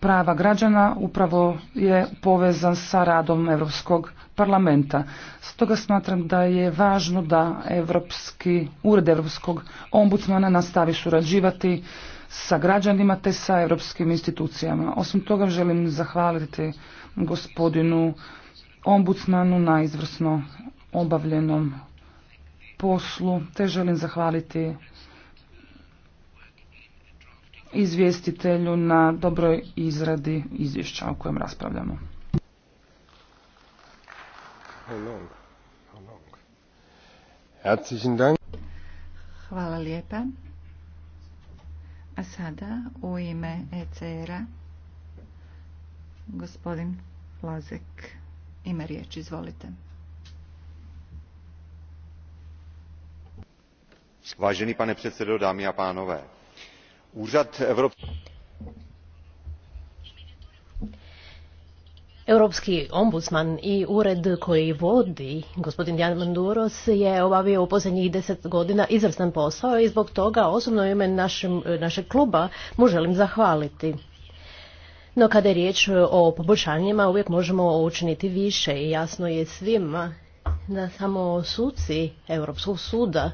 prava građana upravo je povezan sa radom Europskog parlamenta. Stoga smatram da je važno da Europski ured Europskog ombudsmana nastavi surađivati sa građanima te sa europskim institucijama. Osim toga želim zahvaliti gospodinu ombudsmanu na izvrsno obavljenom poslu te želim zahvaliti izvjestitelju na dobroj izradi izvješća o kojem raspravljamo. Hvala lijepa. A sada u ime ECR-a gospodin Lazek ima riječ. Izvolite. Vážený pane předsedo, dami a pánové, Úřad Evropské Europski ombudsman i ured koji vodi gospodin Manduros, je obavio u posljednjih deset godina izvrstan posao i zbog toga osobno ime našeg kluba mu želim zahvaliti. No kada je riječ o poboljšanjima uvijek možemo učiniti više i jasno je svima da samo suci Europskog suda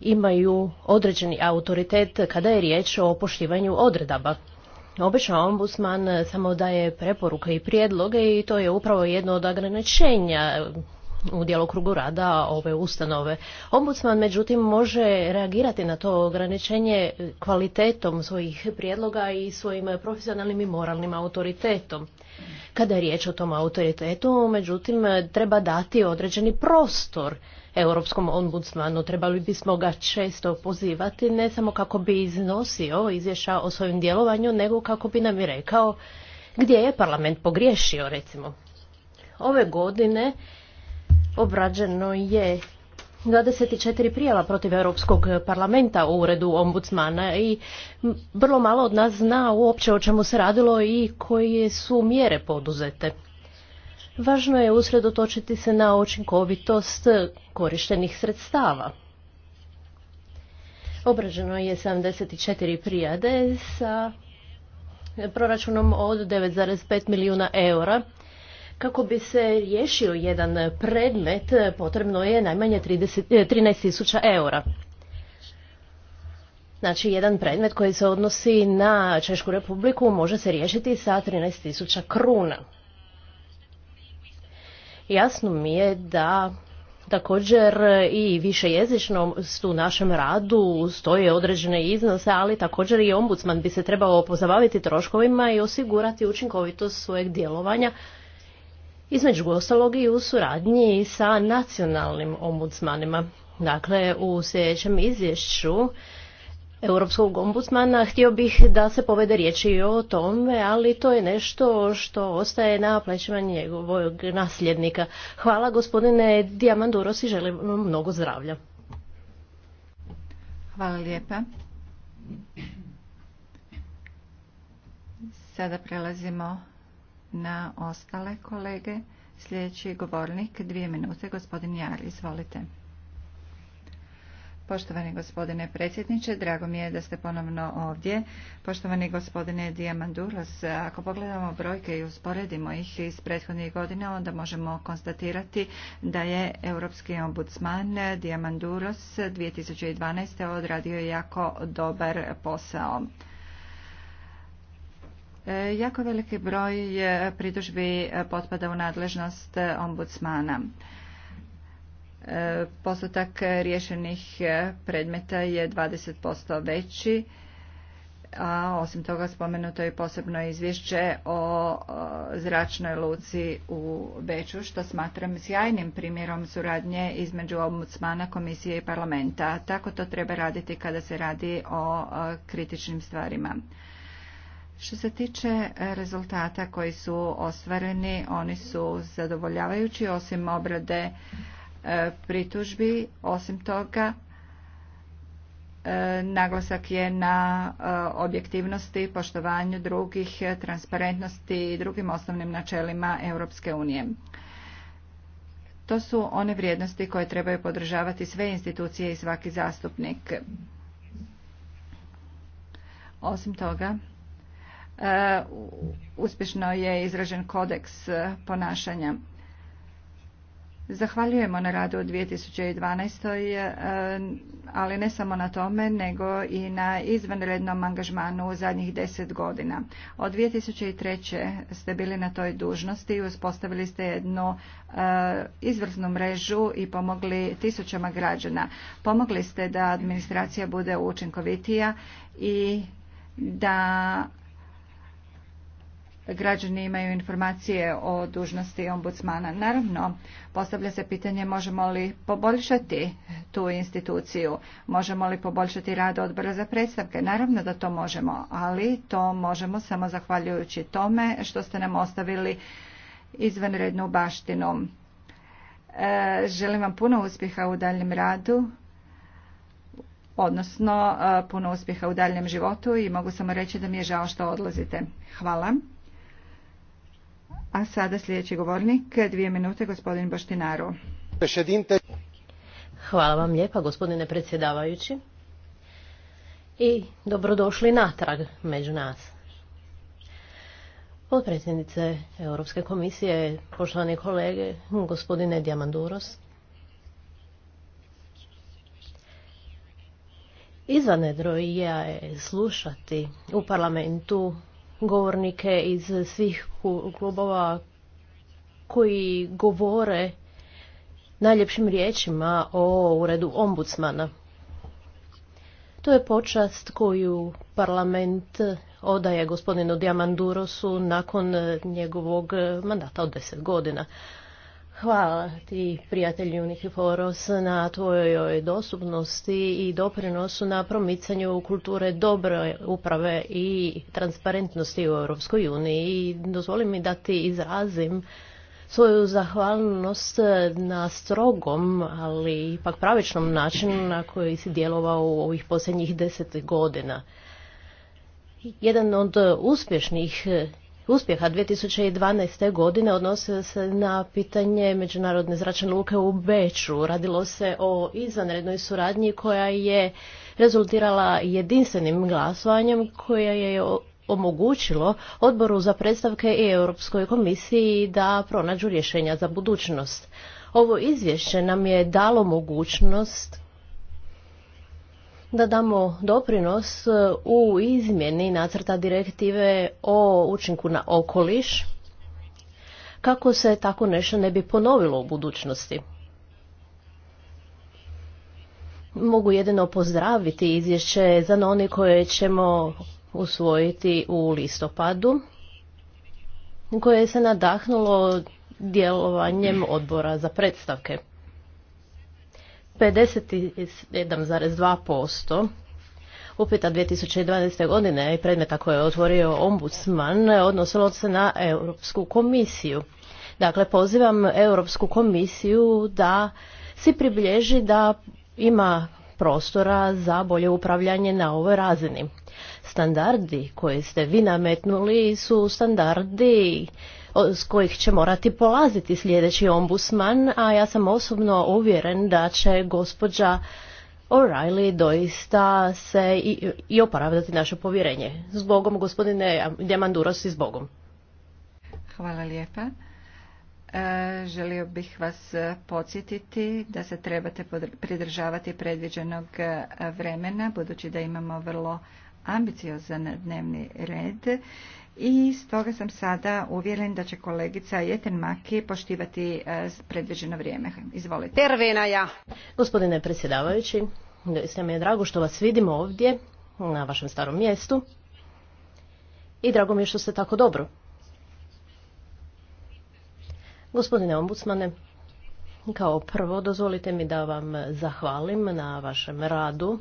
imaju određeni autoritet kada je riječ o poštivanju odredaba. Obično ombudsman eh, samo daje preporuke i prijedloge i to je upravo jedno od ograničenja eh, u djelokrugu rada ove ustanove. Ombudsman međutim može reagirati na to ograničenje eh, kvalitetom svojih prijedloga i svojim profesionalnim i moralnim autoritetom. Kada je riječ o tom autoritetu, međutim, treba dati određeni prostor Europskom ombudsmanu. Trebali bismo ga često pozivati, ne samo kako bi iznosio izvješća o svom djelovanju, nego kako bi nam i rekao gdje je parlament pogriješio, recimo. Ove godine obrađeno je 24 prijava protiv Europskog parlamenta u uredu ombudsmana i vrlo malo od nas zna uopće o čemu se radilo i koje su mjere poduzete. Važno je usredotočiti se na učinkovitost korištenih sredstava. Obrađeno je 74 prijade sa proračunom od 9,5 milijuna eura kako bi se riješio jedan predmet potrebno je najmanje 13.000 eh, eura. Znači, jedan predmet koji se odnosi na Češku republiku može se riješiti sa 13.000 kruna. Jasno mi je da također i višejezičnom u našem radu stoje određene iznose, ali također i ombudsman bi se trebao pozabaviti troškovima i osigurati učinkovitost svojeg djelovanja između ostalog i u suradnji sa nacionalnim ombudsmanima. Dakle, u sljedećem izvješću Europskog ombudsmana htio bih da se povede riječi o tome, ali to je nešto što ostaje na plećima njegovog nasljednika. Hvala gospodine Diamanduros i želim vam mnogo zdravlja. Hvala lijepa. Sada prelazimo na ostale kolege. Sljedeći govornik, dvije minute, gospodin Jar, izvolite. Poštovani gospodine predsjedniče, drago mi je da ste ponovno ovdje. Poštovani gospodine Diamanduros, ako pogledamo brojke i usporedimo ih iz prethodnih godina, onda možemo konstatirati da je Europski ombudsman Diamanduros 2012. odradio jako dobar posao. E, jako veliki broj e, pritužbi e, potpada u nadležnost ombudsmana. Postotak rješenih predmeta je 20% veći, a osim toga spomenuto je posebno izvješće o zračnoj luci u Beču, što smatram sjajnim primjerom suradnje između ombudsmana, komisije i parlamenta. Tako to treba raditi kada se radi o kritičnim stvarima. Što se tiče e, rezultata koji su ostvareni, oni su zadovoljavajući osim obrade e, pritužbi, osim toga e, naglasak je na objektivnosti, poštovanju drugih, transparentnosti i drugim osnovnim načelima Europske unije. To su one vrijednosti koje trebaju podržavati sve institucije i svaki zastupnik. Osim toga, uspješno je izražen kodeks e, ponašanja. Zahvaljujemo na radu u 2012. E, ali ne samo na tome, nego i na izvanrednom angažmanu u zadnjih deset godina. Od 2003. ste bili na toj dužnosti i uspostavili ste jednu e, izvrsnu mrežu i pomogli tisućama građana. Pomogli ste da administracija bude učinkovitija i da građani imaju informacije o dužnosti ombudsmana. Naravno, postavlja se pitanje možemo li poboljšati tu instituciju, možemo li poboljšati rad odbora za predstavke. Naravno da to možemo, ali to možemo samo zahvaljujući tome što ste nam ostavili izvanrednu baštinu. E, želim vam puno uspjeha u daljem radu odnosno e, puno uspjeha u daljem životu i mogu samo reći da mi je žao što odlazite. Hvala. A sada sljedeći govornik, dvije minute, gospodin Boštinaro. Hvala vam lijepa, gospodine predsjedavajući. I dobrodošli natrag među nas. predsjednice Europske komisije, poštovani kolege, gospodine Diamanduros. Izvanedro je slušati u parlamentu govornike iz svih klubova koji govore najljepšim riječima o uredu ombudsmana. To je počast koju parlament odaje gospodinu Diamandurosu nakon njegovog mandata od deset godina. Hvala ti prijatelji Nikiforos na tvojoj dostupnosti i doprinosu na promicanju kulture dobre uprave i transparentnosti u Europskoj uniji. I dozvoli mi da ti izrazim svoju zahvalnost na strogom, ali ipak pravičnom načinu na koji si djelovao u ovih posljednjih deset godina. Jedan od uspješnih uspjeha 2012. godine odnosio se na pitanje Međunarodne zračne luke u Beču. Radilo se o izvanrednoj suradnji koja je rezultirala jedinstvenim glasovanjem koje je omogućilo Odboru za predstavke i Europskoj komisiji da pronađu rješenja za budućnost. Ovo izvješće nam je dalo mogućnost da damo doprinos e, u izmjeni nacrta direktive o učinku na okoliš kako se tako nešto ne bi ponovilo u budućnosti. Mogu jedino pozdraviti izvješće za noni koje ćemo usvojiti u listopadu, koje se nadahnulo djelovanjem odbora za predstavke. 57,2% upita 2012. godine i predmeta koje je otvorio ombudsman odnosilo se na Europsku komisiju. Dakle, pozivam Europsku komisiju da si približi da ima prostora za bolje upravljanje na ovoj razini standardi koje ste vi nametnuli su standardi s kojih će morati polaziti sljedeći ombusman, a ja sam osobno uvjeren da će gospođa O'Reilly doista se i, i opravdati naše povjerenje. Zbogom, gospodine Diamanduros, i zbogom. Hvala lijepa. E, želio bih vas podsjetiti da se trebate pridržavati predviđenog e, vremena, budući da imamo vrlo ambiciozan dnevni red i stoga sam sada uvjeren da će kolegica Jeten Maki poštivati e, predviđeno vrijeme. Izvolite. Tervena ja. Gospodine predsjedavajući, doista mi je drago što vas vidimo ovdje na vašem starom mjestu i drago mi je što ste tako dobro. Gospodine ombudsmane, kao prvo dozvolite mi da vam zahvalim na vašem radu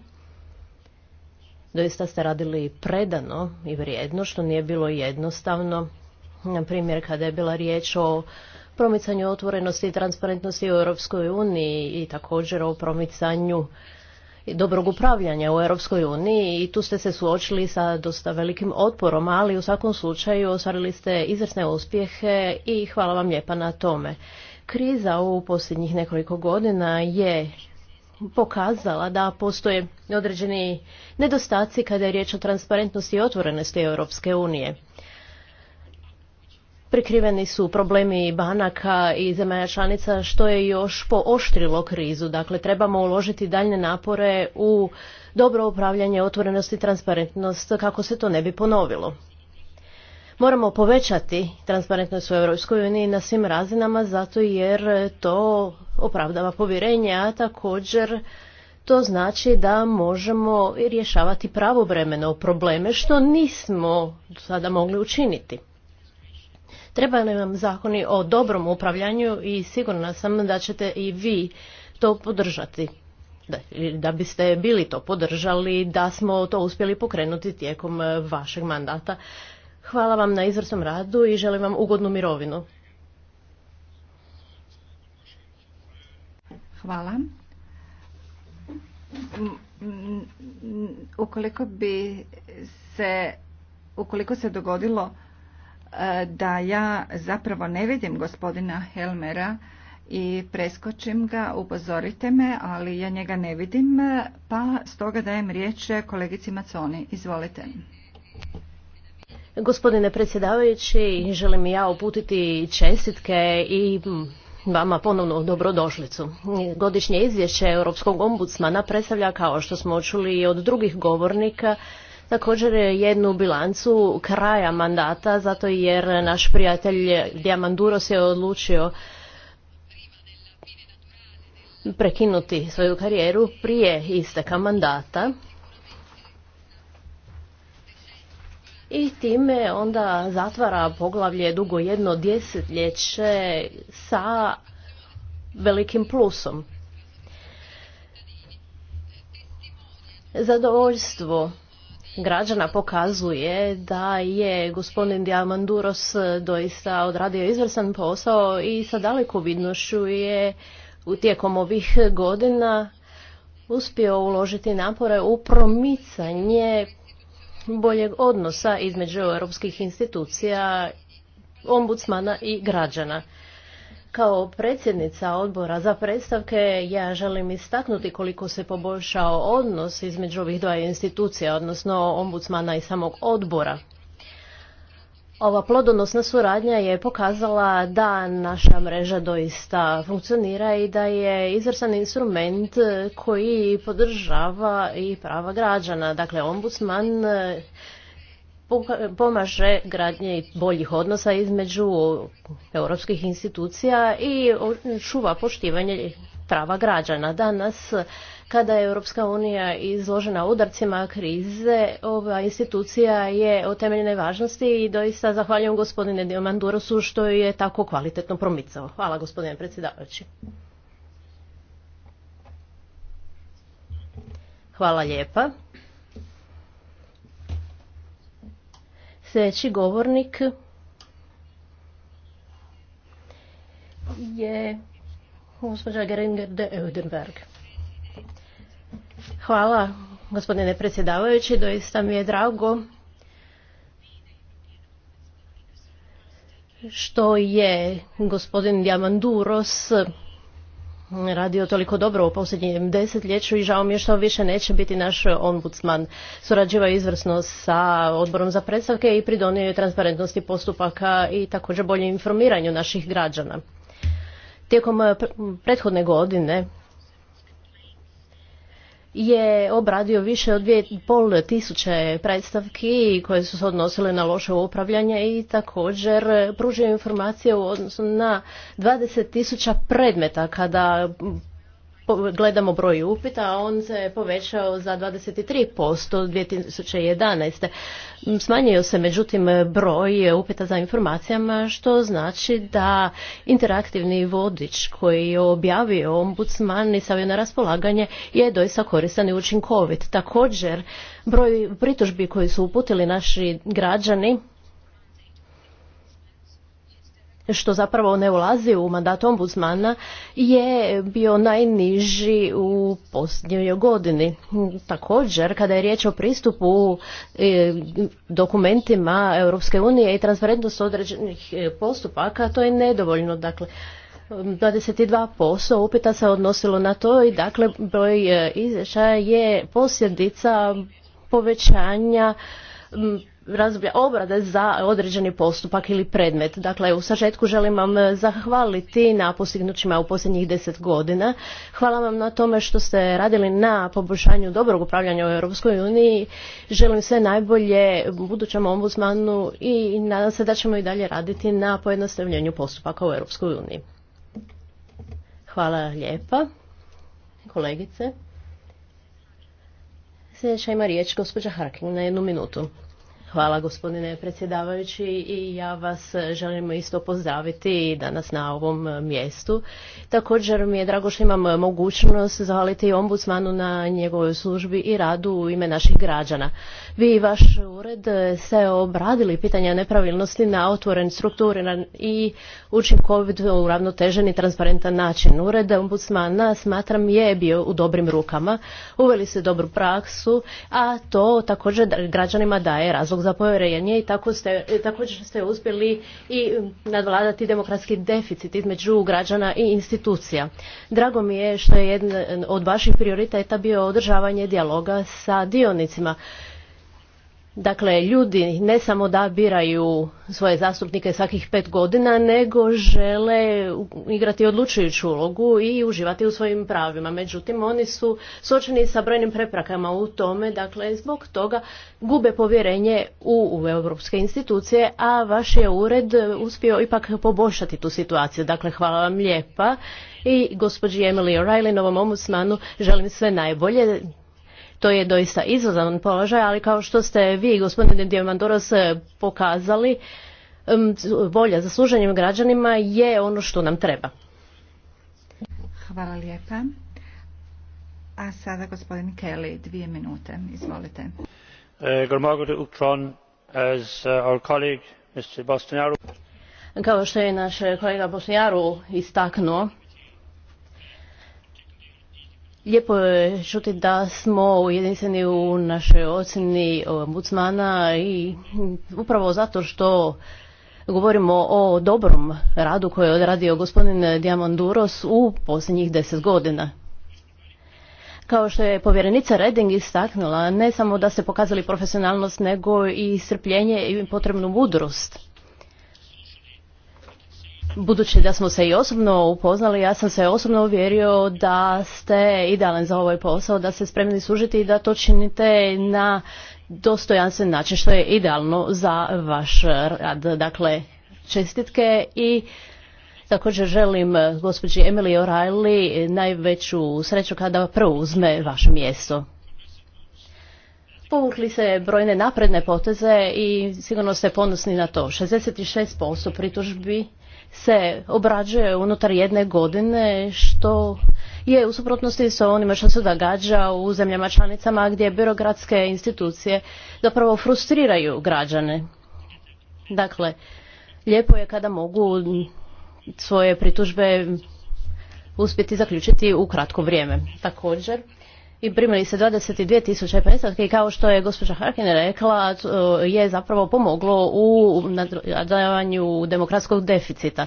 Doista ste radili predano i vrijedno, što nije bilo jednostavno. Na primjer, kada je bila riječ o promicanju otvorenosti i transparentnosti u Europskoj uniji i također o promicanju dobrog upravljanja u Europskoj uniji i tu ste se suočili sa dosta velikim otporom, ali u svakom slučaju ostvarili ste izvrsne uspjehe i hvala vam lijepa na tome. Kriza u posljednjih nekoliko godina je pokazala da postoje određeni nedostaci kada je riječ o transparentnosti i otvorenosti Europske unije. Prikriveni su problemi banaka i zemalja članica što je još pooštrilo krizu. Dakle, trebamo uložiti daljne napore u dobro upravljanje, otvorenosti i transparentnost kako se to ne bi ponovilo. Moramo povećati transparentnost u Europskoj uniji na svim razinama zato jer to opravdava povjerenje, a također to znači da možemo rješavati pravovremeno probleme što nismo sada mogli učiniti. Treba nam zakoni o dobrom upravljanju i sigurna sam da ćete i vi to podržati. da biste bili to podržali, da smo to uspjeli pokrenuti tijekom vašeg mandata Hvala vam na izvrsnom radu i želim vam ugodnu mirovinu. Hvala. Ukoliko bi se, ukoliko se dogodilo e, da ja zapravo ne vidim gospodina Helmera i preskočim ga, upozorite me, ali ja njega ne vidim, pa stoga dajem riječ kolegici Maconi. Izvolite. Gospodine predsjedavajući, želim ja uputiti čestitke i mm, vama ponovno dobrodošlicu. Godišnje izvješće Europskog ombudsmana predstavlja, kao što smo čuli od drugih govornika, također jednu bilancu kraja mandata, zato jer naš prijatelj Diamanduros je odlučio prekinuti svoju karijeru prije isteka mandata i time onda zatvara poglavlje dugo jedno desetljeće sa velikim plusom. Zadovoljstvo građana pokazuje da je gospodin Diamanduros doista odradio izvrsan posao i sa dalekovidnošću je u tijekom ovih godina uspio uložiti napore u promicanje boljeg odnosa između europskih institucija, ombudsmana i građana. Kao predsjednica odbora za predstavke ja želim istaknuti koliko se poboljšao odnos između ovih dva institucija, odnosno ombudsmana i samog odbora. Ova plodonosna suradnja je pokazala da naša mreža doista funkcionira i da je izvrsan instrument koji podržava i prava građana. Dakle, ombudsman eh, pomaže gradnje boljih odnosa između europskih institucija i čuva poštivanje prava građana. Danas kada je Europska unija izložena udarcima krize, ova institucija je od temeljne važnosti i doista zahvaljujem gospodine Diomandurosu što je tako kvalitetno promicao. Hvala gospodine predsjedavajući. Hvala lijepa. Sljedeći govornik je gospođa Geringer de Eudenberg. Hvala gospodine predsjedavajući, doista mi je drago što je gospodin Diamanduros radio toliko dobro u posljednjem desetljeću i žao mi je što više neće biti naš ombudsman. Surađivao izvrsno sa odborom za predstavke i pridonio je transparentnosti postupaka i također bolje informiranju naših građana. Tijekom eh, prethodne godine je obradio više od 2,5 tisuće predstavki koje su se odnosile na loše upravljanje i također pružio informacije u odnosu na dvadeset tisuća predmeta kada gledamo broj upita, on se povećao za 23% 2011. Smanjio se međutim broj upita za informacijama, što znači da interaktivni vodič koji je objavio ombudsman i savio na raspolaganje je doista koristan i učinkovit. Također, broj pritužbi koji su uputili naši građani što zapravo ne ulazi u mandat ombudsmana, je bio najniži u posljednjoj godini. Također, kada je riječ o pristupu e, dokumentima Europske unije i transparentnost određenih e, postupaka, to je nedovoljno. Dakle, 22% upita se odnosilo na to i dakle broj e, izvješća je posljedica povećanja razdoblja obrade za određeni postupak ili predmet. Dakle, u sažetku želim vam zahvaliti na postignućima u posljednjih deset godina. Hvala vam na tome što ste radili na poboljšanju dobrog upravljanja u Europskoj uniji. Želim sve najbolje budućem ombudsmanu i nadam se da ćemo i dalje raditi na pojednostavljenju postupaka u Europskoj uniji. Hvala lijepa. Kolegice. Sljedeća ima riječ gospođa Harkin na jednu minutu. Hvala gospodine predsjedavajući i ja vas želim isto pozdraviti danas na ovom mjestu. Također mi je drago što imam mogućnost zahvaliti ombudsmanu na njegovoj službi i radu u ime naših građana. Vi i vaš ured se obradili pitanja nepravilnosti na otvoren, strukturiran i učinkovit, uravnotežen i transparentan način. Ured ombudsmana smatram je bio u dobrim rukama, uveli se dobru praksu, a to također građanima daje razlog za povjerenje i tako ste, e, također ste uspjeli i nadvladati demokratski deficit između građana i institucija. Drago mi je što je jedan od vaših prioriteta bio održavanje dijaloga sa dionicima. Dakle, ljudi ne samo da biraju svoje zastupnike svakih pet godina, nego žele igrati odlučujuću ulogu i uživati u svojim pravima. Međutim, oni su suočeni sa brojnim preprakama u tome, dakle, zbog toga gube povjerenje u, u europske institucije, a vaš je ured uspio ipak poboljšati tu situaciju. Dakle, hvala vam lijepa i gospođi Emily O'Reilly, novom omusmanu, želim sve najbolje to je doista izazovan položaj, ali kao što ste vi, gospodine Diamandoros, pokazali, volja za služenjem građanima je ono što nam treba. Hvala lijepa. A sada gospodin Kelly, dvije minute, izvolite. Eh, eh, kao što je naš kolega Bosnijaru istaknuo, Lijepo je čuti da smo ujedinjeni u našoj ocjeni ombudsmana i upravo zato što govorimo o dobrom radu koji je odradio gospodin Diamanduros u posljednjih deset godina. Kao što je povjerenica Reding istaknula, ne samo da ste pokazali profesionalnost, nego i strpljenje i potrebnu mudrost. Budući da smo se i osobno upoznali, ja sam se osobno uvjerio da ste idealan za ovaj posao, da ste spremni služiti i da to činite na dostojanstven način, što je idealno za vaš rad. Dakle, čestitke i također želim gospođi Emily O'Reilly najveću sreću kada preuzme vaše mjesto. Povukli se brojne napredne poteze i sigurno ste ponosni na to. 66% pritužbi se obrađuje unutar jedne godine što je u suprotnosti sa onime što se događa u zemljama članicama gdje birokratske institucije zapravo frustriraju građane. Dakle, lijepo je kada mogu svoje pritužbe uspjeti zaključiti u kratko vrijeme. Također, i primili se 22 tisuće predstavke i kao što je gospođa Harkin rekla e, je zapravo pomoglo u nadavanju demokratskog deficita.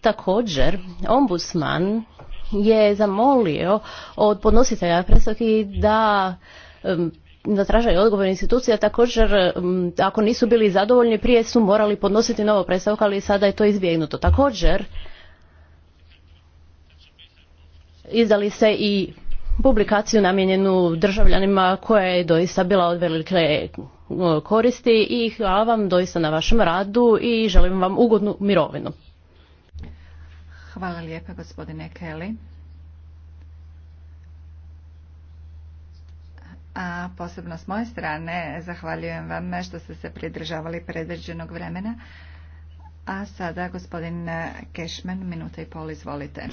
Također, ombudsman je zamolio od podnositelja predstavki da da tražaju odgovor institucija također ako nisu bili zadovoljni prije su morali podnositi novo predstavku ali sada je to izbjegnuto također izdali se i publikaciju namijenjenu državljanima koja je doista bila od velike e, koristi i hvala vam doista na vašem radu i želim vam ugodnu mirovinu. Hvala lijepa gospodine Kelly. A posebno s moje strane zahvaljujem vam što ste se pridržavali predviđenog vremena. A sada gospodin Kešman, minuta i pol, izvolite.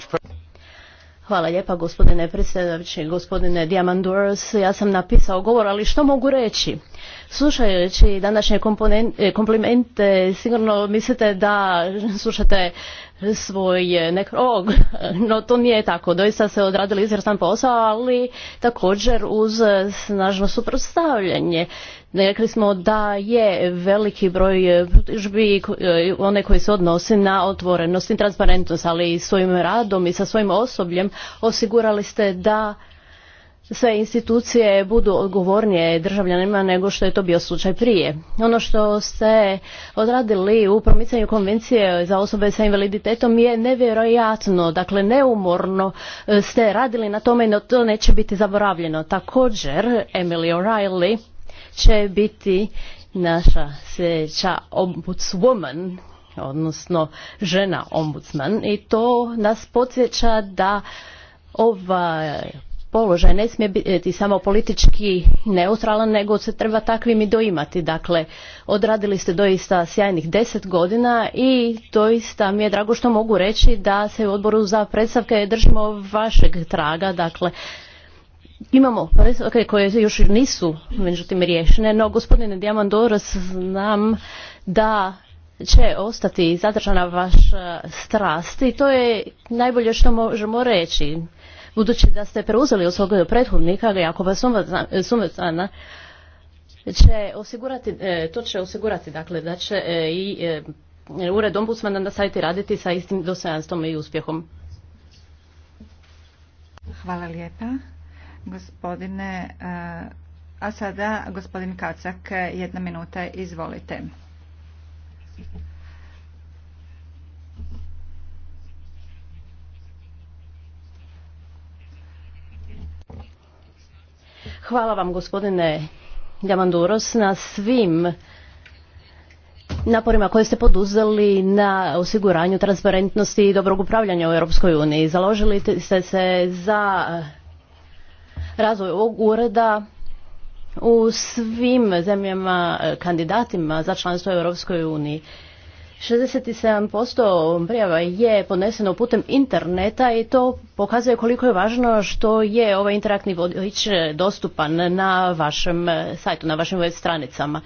Hvala lijepa gospodine predsjedavajući, gospodine Diamandouros. Ja sam napisao govor, ali što mogu reći? Slušajući današnje eh, komplimente, sigurno mislite da slušate svoj e, nekrog, no to nije tako. Doista se odradili izvrstan posao, ali također uz e, snažno suprotstavljanje. Rekli smo da je veliki broj e, žbi, one koji se odnose na otvorenost i transparentnost, ali i svojim radom i sa svojim osobljem osigurali ste da sve institucije budu odgovornije državljanima nego što je to bio slučaj prije. Ono što ste odradili u promicanju konvencije za osobe sa invaliditetom je nevjerojatno, dakle neumorno e, ste radili na tome i no to neće biti zaboravljeno. Također, Emily O'Reilly će biti naša sljedeća ombudswoman odnosno žena ombudsman i to nas podsjeća da ova položaj ne smije biti samo politički neutralan nego se treba takvim i doimati. Dakle, odradili ste doista sjajnih deset godina i doista mi je drago što mogu reći da se u odboru za predstavke držimo vašeg traga. Dakle, imamo predstavke koje još nisu međutim riješene, no gospodine Diamandoros znam da će ostati zadržana vaša strast i to je najbolje što možemo reći budući da ste preuzeli od svog prethodnika, ako vas sumecana, će e, to će osigurati dakle da će e, i e, ured ombudsmana na sajti raditi sa istim dostojanstvom i uspjehom. Hvala lijepa. Gospodine, a sada gospodin Kacak, jedna minuta, izvolite. Hvala vam gospodine Jamanduros na svim naporima koje ste poduzeli na osiguranju transparentnosti i dobrog upravljanja u Europskoj uniji. Založili ste se za razvoj ovog ureda u svim zemljama kandidatima za članstvo u Europskoj uniji. 67% prijava je podneseno putem interneta i to pokazuje koliko je važno što je ovaj interaktni vodič dostupan na vašem eh, sajtu, na vašim web stranicama.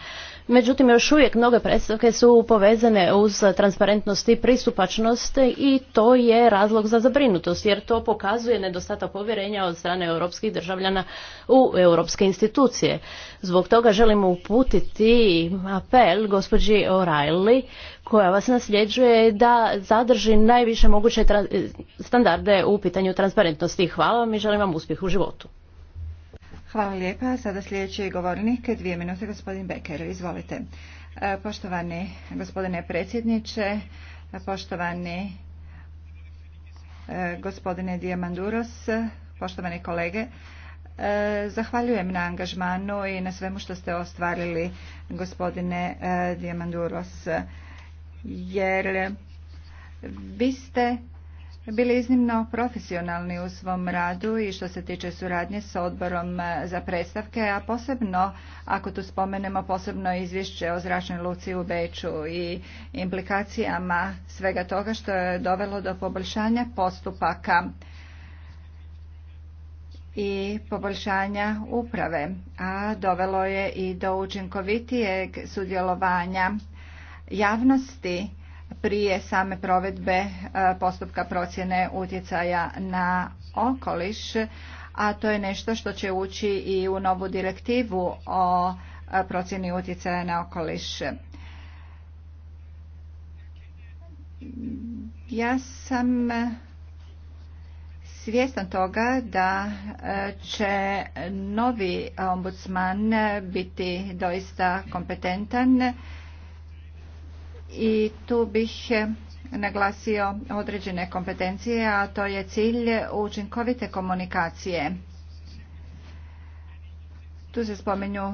Međutim, još uvijek mnoge predstavke su povezane uz transparentnost i pristupačnost i to je razlog za zabrinutost jer to pokazuje nedostatak povjerenja od strane europskih državljana u europske institucije. Zbog toga želimo uputiti apel gospođi O'Reilly koja vas nasljeđuje da zadrži najviše moguće standarde u pitanju transparentnosti. Hvala vam i želim vam uspjeh u životu. Hvala lijepa. Sada sljedeći govornik, dvije minute, gospodin Becker. Izvolite. E, poštovani gospodine predsjedniče, poštovani e, gospodine Diamanduros, poštovani kolege, e, Zahvaljujem na angažmanu i na svemu što ste ostvarili gospodine Diamanduros jer vi ste bili iznimno profesionalni u svom radu i što se tiče suradnje s odborom za predstavke, a posebno, ako tu spomenemo, posebno izvješće o zračnoj luci u Beću i implikacijama svega toga što je dovelo do poboljšanja postupaka i poboljšanja uprave, a dovelo je i do učinkovitijeg sudjelovanja javnosti prije same provedbe e, postupka procjene utjecaja na okoliš, a to je nešto što će ući i u novu direktivu o e, procjeni utjecaja na okoliš. Ja sam svjestan toga da e, će novi ombudsman biti doista kompetentan i tu bih eh, naglasio određene kompetencije, a to je cilj učinkovite komunikacije. Tu se spomenju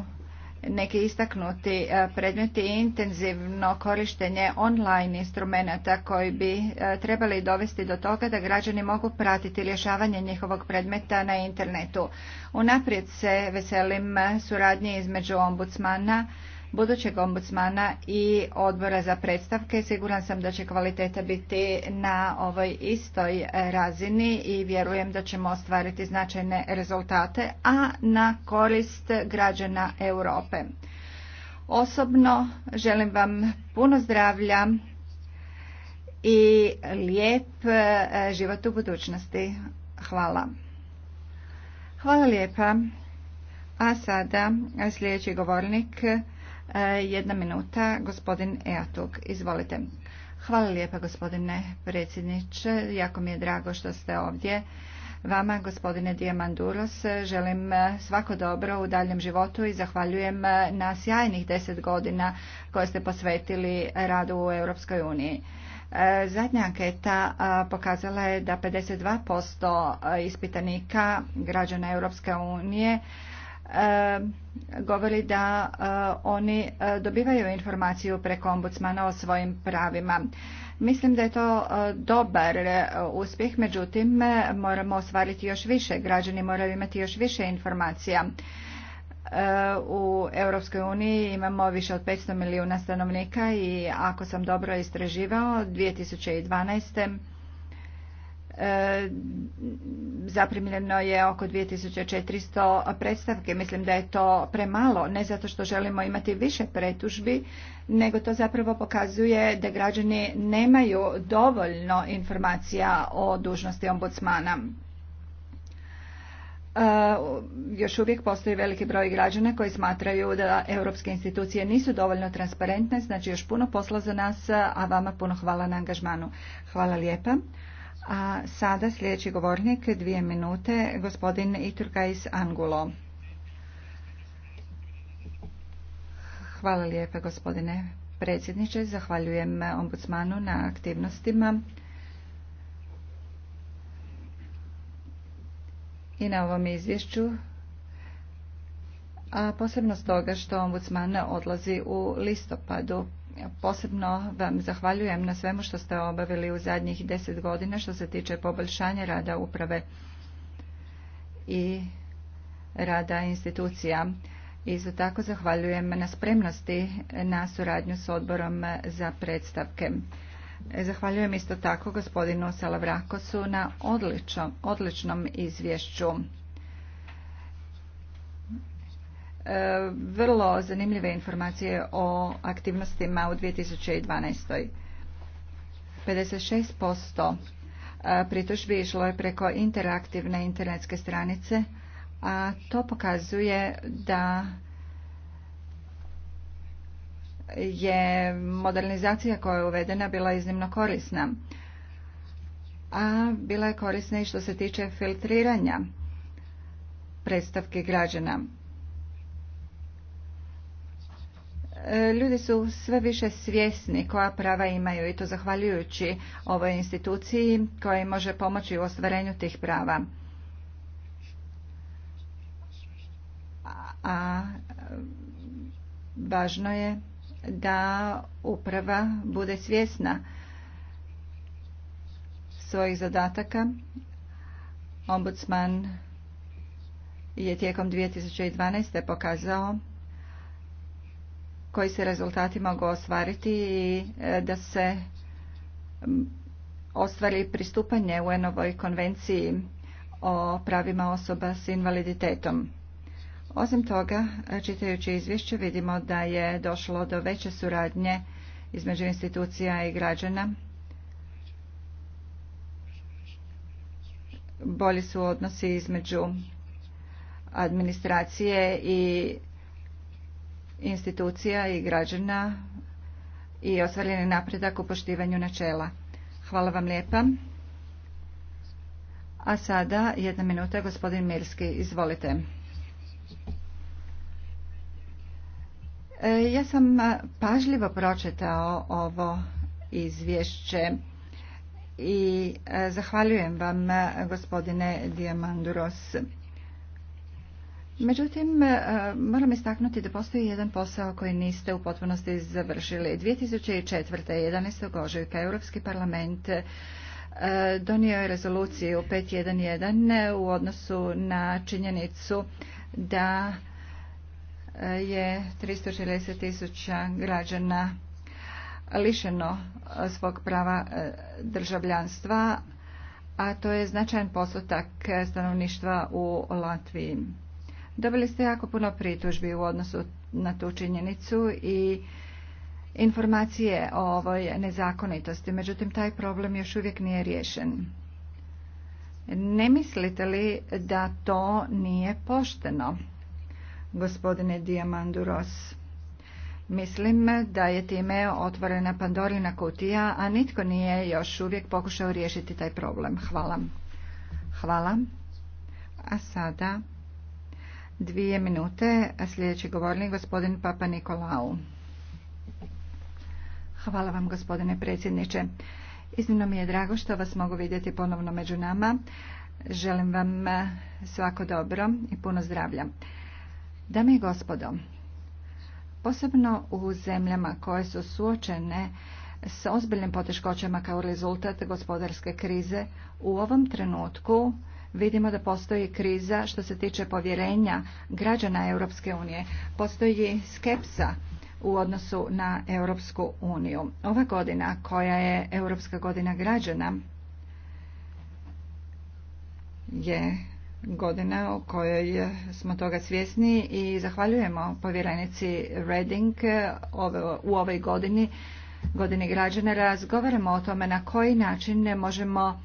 neki istaknuti eh, predmeti i intenzivno korištenje online instrumenata koji bi eh, trebali dovesti do toga da građani mogu pratiti rješavanje njihovog predmeta na internetu. Unaprijed se veselim suradnje između ombudsmana, budućeg ombudsmana i odbora za predstavke. Siguran sam da će kvaliteta biti na ovoj istoj razini i vjerujem da ćemo ostvariti značajne rezultate, a na korist građana Europe. Osobno želim vam puno zdravlja i lijep e, život u budućnosti. Hvala. Hvala lijepa. A sada sljedeći govornik E, jedna minuta, gospodin Eatug. Izvolite. Hvala lijepa gospodine predsjedniče. Jako mi je drago što ste ovdje. Vama, gospodine Diamanduros, želim e, svako dobro u daljem životu i zahvaljujem e, na sjajnih deset godina koje ste posvetili radu u Europskoj uniji. Zadnja anketa pokazala je da 52% ispitanika građana Europske unije E, govori da e, oni e, dobivaju informaciju preko ombudsmana o svojim pravima. Mislim da je to dobar uspjeh, međutim moramo ostvariti još više, građani moraju imati još više informacija. U Europskoj uniji imamo više od 500 milijuna stanovnika i ako sam dobro istraživao, 2012 E, zaprimljeno je oko 2400 predstavke. Mislim da je to premalo, ne zato što želimo imati više pretužbi, nego to zapravo pokazuje da građani nemaju dovoljno informacija o dužnosti ombudsmana. E, još uvijek postoji veliki broj građana koji smatraju da europske institucije nisu dovoljno transparentne, znači još puno posla za nas, a vama puno hvala na angažmanu. Hvala lijepa. A sada sljedeći govornik, dvije minute, gospodin iz Angulo. Hvala lijepa gospodine predsjedniče, zahvaljujem ombudsmanu na aktivnostima. i na ovom izvješću, a posebno stoga što ombudsman odlazi u listopadu. Posebno vam zahvaljujem na svemu što ste obavili u zadnjih deset godina što se tiče poboljšanja rada uprave i rada institucija. Isto tako zahvaljujem na spremnosti na suradnju s odborom za predstavke. Zahvaljujem isto tako gospodinu Salavrakosu na odličnom, odličnom izvješću. E, vrlo zanimljive informacije o aktivnostima u 2012. 56% e, pritužbi išlo je preko interaktivne internetske stranice, a to pokazuje da je modernizacija koja je uvedena bila iznimno korisna. A bila je korisna i što se tiče filtriranja predstavki građana. E, ljudi su sve više svjesni koja prava imaju i to zahvaljujući ovoj instituciji koja im može pomoći u ostvarenju tih prava. A važno je da uprava bude svjesna svojih zadataka. Ombudsman je tijekom 2012. pokazao koji se rezultati mogu ostvariti i e, da se ostvari pristupanje u Enovoj konvenciji o pravima osoba s invaliditetom. Osim toga, čitajući izvješće vidimo da je došlo do veće suradnje između institucija i građana. Bolji su odnosi između administracije i institucija i građana i je napredak u poštivanju načela. Hvala vam lijepa. A sada jedna minuta, gospodin Mirski, izvolite. E, ja sam pažljivo pročitao ovo izvješće i e, zahvaljujem vam gospodine Diamanduros. Međutim, e, moram istaknuti da postoji jedan posao koji niste u potpunosti završili. 2004. 11. ožujka Europski parlament e, donio je rezoluciju 5.1.1 u odnosu na činjenicu da e, je 360 tisuća građana lišeno svog prava državljanstva, a to je značajan postotak stanovništva u Latviji. Dobili ste jako puno pritužbi u odnosu na tu činjenicu i informacije o ovoj nezakonitosti. Međutim, taj problem još uvijek nije riješen. Ne mislite li da to nije pošteno, gospodine Diamanduros? Mislim da je time otvorena Pandorina kutija, a nitko nije još uvijek pokušao riješiti taj problem. Hvala. Hvala. A sada Dvije minute. a Sljedeći govornik gospodin Papa Nikolau. Hvala vam gospodine predsjedniče. Iznimno mi je drago što vas mogu vidjeti ponovno među nama. Želim vam eh, svako dobro i puno zdravlja. Dame i gospodo, posebno u zemljama koje su suočene s ozbiljnim poteškoćama kao rezultat gospodarske krize, u ovom trenutku vidimo da postoji kriza što se tiče povjerenja građana Europske unije. Postoji skepsa u odnosu na Europsku uniju. Ova godina koja je Europska godina građana je godina u kojoj smo toga svjesni i zahvaljujemo povjerenici Reding u ovoj godini, godini građana. Razgovaramo o tome na koji način možemo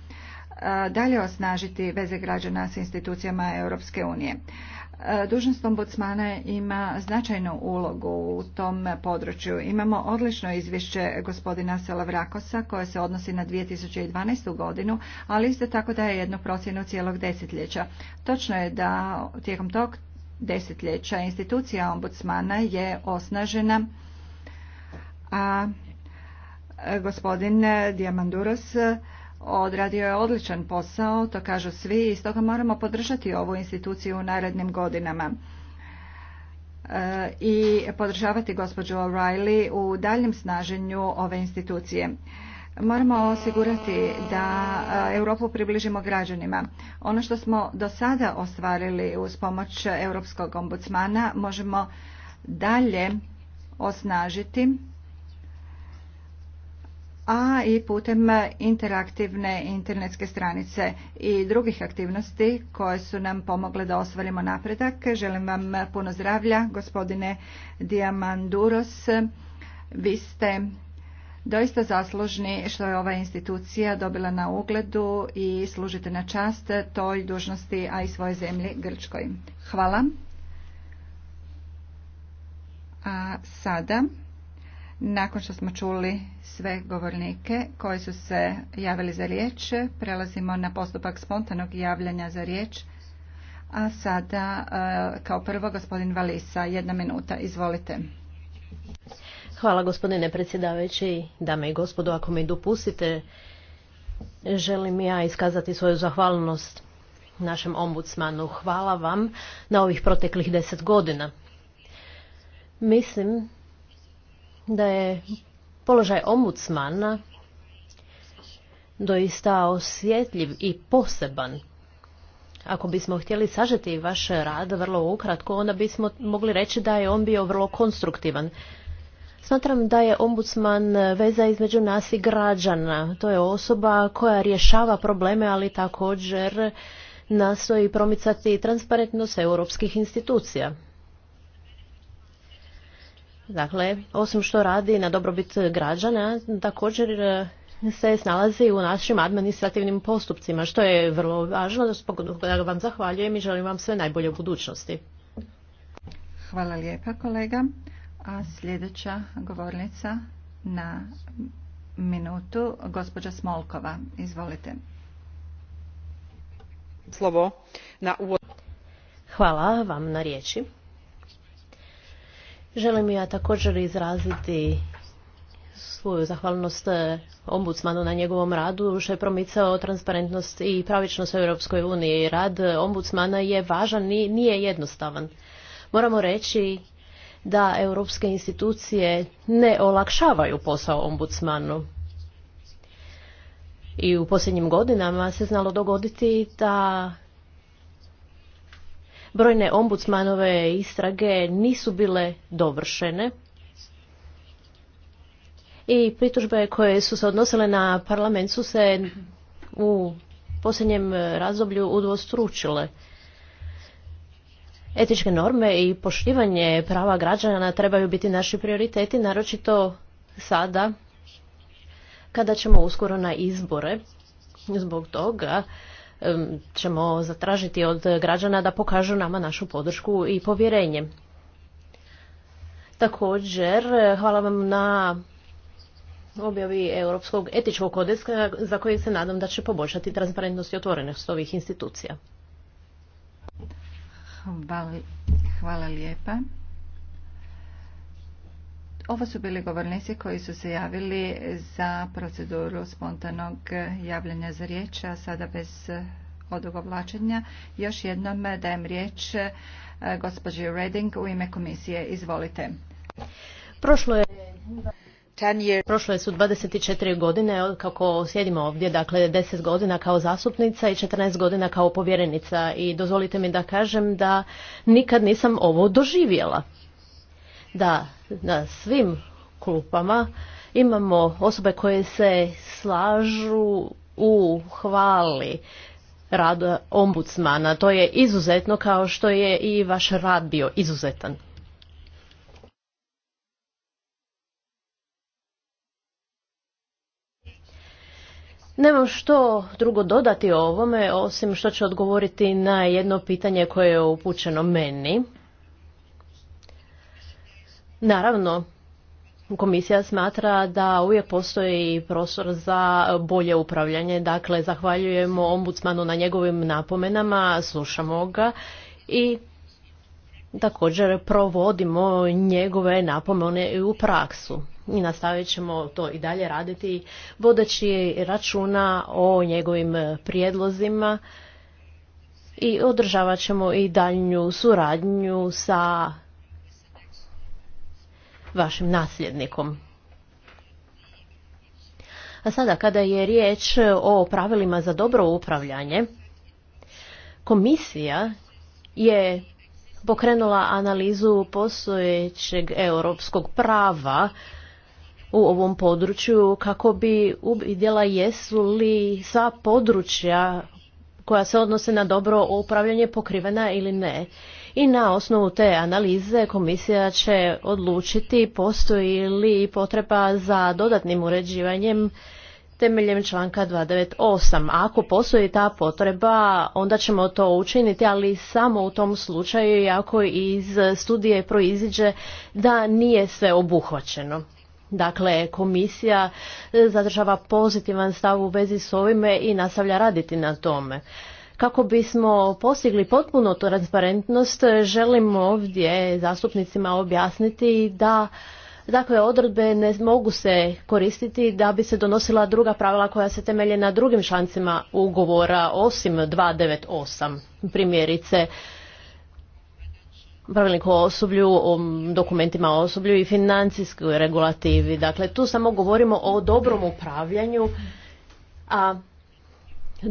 dalje osnažiti veze građana s institucijama Europske unije. Dužnost ombudsmana ima značajnu ulogu u tom području. Imamo odlično izvješće gospodina Vrakosa koje se odnosi na 2012. godinu, ali isto tako da je jednu procjenu cijelog desetljeća. Točno je da tijekom tog desetljeća institucija ombudsmana je osnažena, a gospodin Diamanduros odradio je odličan posao, to kažu svi i stoga moramo podržati ovu instituciju u narednim godinama e, i podržavati gospođu O'Reilly u daljem snaženju ove institucije. Moramo osigurati da e, Europu približimo građanima. Ono što smo do sada ostvarili uz pomoć Europskog ombudsmana možemo dalje osnažiti a i putem interaktivne internetske stranice i drugih aktivnosti koje su nam pomogle da ostvarimo napredak. Želim vam puno zdravlja, gospodine Diamanduros. Vi ste doista zaslužni što je ova institucija dobila na ugledu i služite na čast toj dužnosti, a i svoje zemlji Grčkoj. Hvala. A sada... Nakon što smo čuli sve govornike koji su se javili za riječ, prelazimo na postupak spontanog javljanja za riječ. A sada e, kao prvo gospodin Valisa, jedna minuta, izvolite. Hvala gospodine predsjedavajući, dame i gospodo, ako mi dopustite, želim ja iskazati svoju zahvalnost našem ombudsmanu. Hvala vam na ovih proteklih deset godina. Mislim da je položaj ombudsmana doista osjetljiv i poseban. Ako bismo htjeli sažeti vaš rad vrlo ukratko, onda bismo mogli reći da je on bio vrlo konstruktivan. Smatram da je ombudsman veza između nas i građana. To je osoba koja rješava probleme, ali također nastoji promicati transparentnost europskih institucija. Dakle, osim što radi na dobrobit građana, također e, se snalazi u našim administrativnim postupcima, što je vrlo važno. Ja vam zahvaljujem i želim vam sve najbolje u budućnosti. Hvala lijepa kolega. A sljedeća govornica na minutu, gospođa Smolkova. Izvolite. Slovo na uvod. Hvala vam na riječi. Želim ja također izraziti svoju zahvalnost e, ombudsmanu na njegovom radu što je promicao transparentnost i pravičnost u Europskoj uniji. Rad ombudsmana je važan i nije jednostavan. Moramo reći da europske institucije ne olakšavaju posao ombudsmanu. I u posljednjim godinama se znalo dogoditi da brojne ombudsmanove istrage nisu bile dovršene i pritužbe koje su se odnosile na parlament su se u posljednjem razdoblju udvostručile. Etičke norme i poštivanje prava građana trebaju biti naši prioriteti, naročito sada kada ćemo uskoro na izbore. Zbog toga ćemo zatražiti od građana da pokažu nama našu podršku i povjerenje. Također, hvala vam na objavi Europskog etičkog kodeska za koji se nadam da će poboljšati transparentnost i otvorenost ovih institucija. Hvala, hvala lijepa. Ovo su bili govornici koji su se javili za proceduru spontanog javljanja za riječ, a sada bez odugovlačenja. Još jednom dajem riječ e, gospođi Reding u ime komisije. Izvolite. Prošlo je... Prošlo je su 24 godine kako sjedimo ovdje, dakle 10 godina kao zastupnica i 14 godina kao povjerenica i dozvolite mi da kažem da nikad nisam ovo doživjela da na svim klupama imamo osobe koje se slažu u hvali rada ombudsmana. To je izuzetno kao što je i vaš rad bio izuzetan. Nemam što drugo dodati o ovome, osim što ću odgovoriti na jedno pitanje koje je upućeno meni, Naravno, Komisija smatra da uvijek postoji prostor za bolje upravljanje, dakle zahvaljujemo ombudsmanu na njegovim napomenama, slušamo ga i također provodimo njegove napomene u praksu. I nastavit ćemo to i dalje raditi vodeći računa o njegovim prijedlozima i održavat ćemo i daljnju suradnju sa vašim nasljednikom. A sada kada je riječ o pravilima za dobro upravljanje, komisija je pokrenula analizu postojećeg europskog prava u ovom području kako bi uvidjela jesu li sva područja koja se odnose na dobro upravljanje pokrivena ili ne i na osnovu te analize komisija će odlučiti postoji li potreba za dodatnim uređivanjem temeljem članka 298. ako postoji ta potreba, onda ćemo to učiniti, ali samo u tom slučaju ako iz studije proiziđe da nije sve obuhvaćeno. Dakle, komisija zadržava pozitivan stav u vezi s ovime i nastavlja raditi na tome. Kako bismo postigli potpuno transparentnost, želim ovdje zastupnicima objasniti da takve odredbe ne mogu se koristiti da bi se donosila druga pravila koja se temelje na drugim člancima ugovora osim 298. Primjerice, pravilnik o osoblju, o dokumentima o osoblju i financijskoj regulativi. Dakle, tu samo govorimo o dobrom upravljanju, a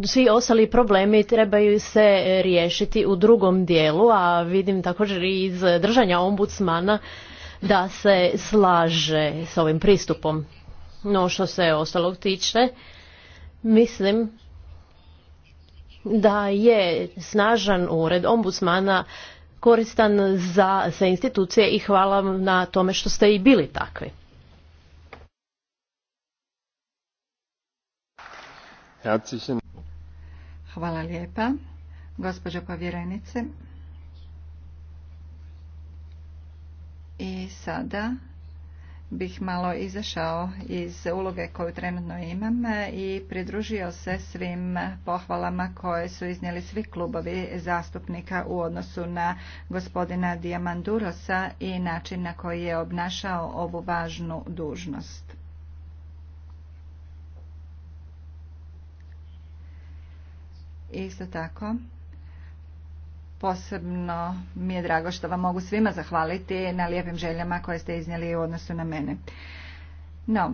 svi ostali problemi trebaju se e, riješiti u drugom dijelu, a vidim također iz držanja ombudsmana da se slaže s ovim pristupom. No što se ostalog tiče, mislim da je snažan ured ombudsmana koristan za sve institucije i hvala na tome što ste i bili takvi. Herzlichen Hvala lijepa. Gospođo povjerenice. I sada bih malo izašao iz uloge koju trenutno imam i pridružio se svim pohvalama koje su iznijeli svi klubovi zastupnika u odnosu na gospodina Diamandurosa i način na koji je obnašao ovu važnu dužnost. Isto tako, posebno mi je drago što vam mogu svima zahvaliti na lijepim željama koje ste iznijeli u odnosu na mene. No,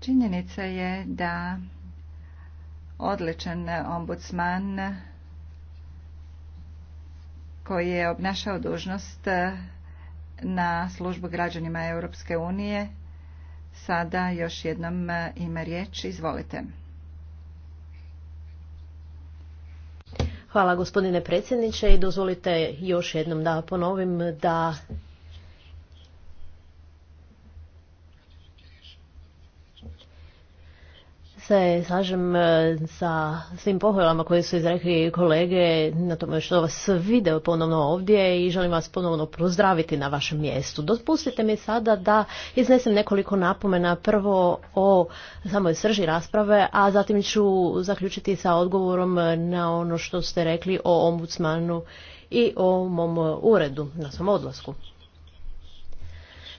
činjenica je da odličan ombudsman koji je obnašao dužnost na službu građanima Europske unije sada još jednom ima riječ. Izvolite. Hvala gospodine predsjedniče i dozvolite još jednom da ponovim da se slažem e, sa svim pohvalama koje su izrekli kolege na tome što vas vide ponovno ovdje i želim vas ponovno pozdraviti na vašem mjestu. Dopustite mi sada da iznesem nekoliko napomena prvo o samoj srži rasprave, a zatim ću zaključiti sa odgovorom na ono što ste rekli o ombudsmanu i o mom uredu na svom odlasku.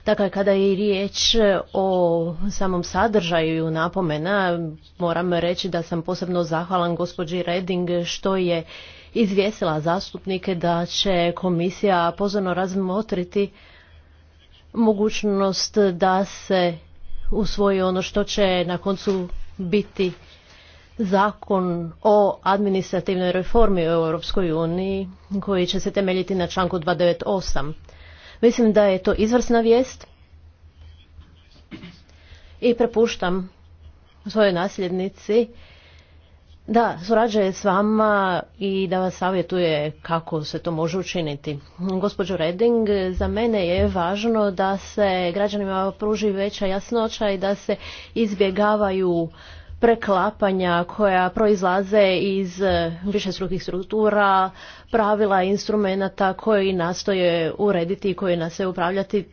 Dakle, kada je riječ e, o samom sadržaju napomena, moram reći da sam posebno zahvalan gospođi Reding što je izvjesila zastupnike da će komisija pozorno razmotriti mogućnost da se usvoji ono što će na koncu biti zakon o administrativnoj reformi u Europskoj uniji koji će se temeljiti na članku 298. Mislim da je to izvrsna vijest i prepuštam svojoj nasljednici da surađuje s vama i da vas savjetuje kako se to može učiniti. Gospođo Reding, za mene je važno da se građanima pruži veća jasnoća i da se izbjegavaju preklapanja koja proizlaze iz više struktura, pravila i instrumenta koji nastoje urediti i koji nastoje upravljati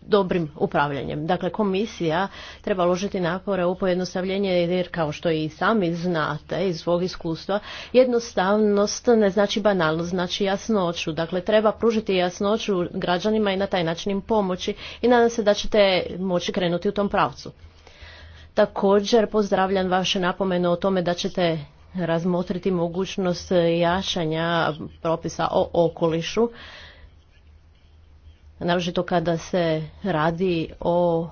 dobrim upravljanjem. Dakle, komisija treba ložiti napore u pojednostavljenje jer kao što i sami znate iz svog iskustva, jednostavnost ne znači banalnost, znači jasnoću. Dakle, treba pružiti jasnoću građanima i na taj način im pomoći i nadam se da ćete moći krenuti u tom pravcu. Također pozdravljam vaše napomenu o tome da ćete razmotriti mogućnost jašanja propisa o okolišu, naročito kada se radi o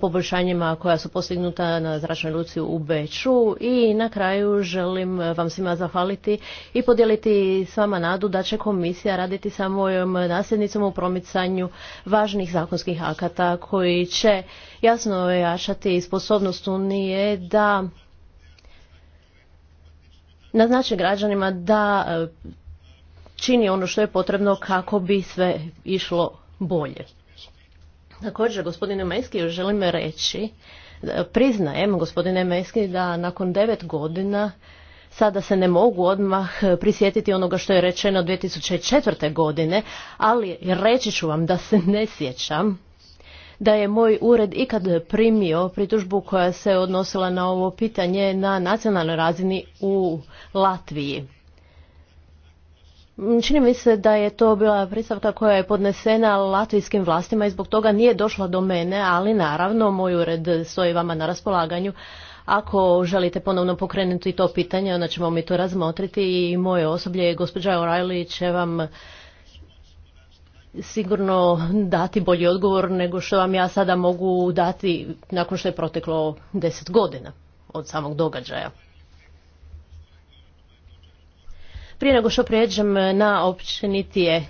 poboljšanjima koja su postignuta na zračnoj luci u Beču i na kraju želim vam svima zahvaliti i podijeliti s vama nadu da će komisija raditi sa mojom nasljednicom u promicanju važnih zakonskih akata koji će jasno jašati sposobnost Unije da naznače građanima da e, čini ono što je potrebno kako bi sve išlo bolje. Također, gospodine Meski, želim reći, e, priznajem, gospodine Meski, da nakon devet godina sada se ne mogu odmah prisjetiti onoga što je rečeno 2004. godine, ali reći ću vam da se ne sjećam da je moj ured ikad primio pritužbu koja se odnosila na ovo pitanje na nacionalnoj razini u Latviji. Čini mi se da je to bila pristavka koja je podnesena latvijskim vlastima i zbog toga nije došla do mene, ali naravno moj ured stoji vama na raspolaganju. Ako želite ponovno pokrenuti to pitanje, onda ćemo mi to razmotriti i moje osoblje, gospođa O'Reilly, će vam sigurno dati bolji odgovor nego što vam ja sada mogu dati nakon što je proteklo deset godina od samog događaja. Prije nego što prijeđem na općenitije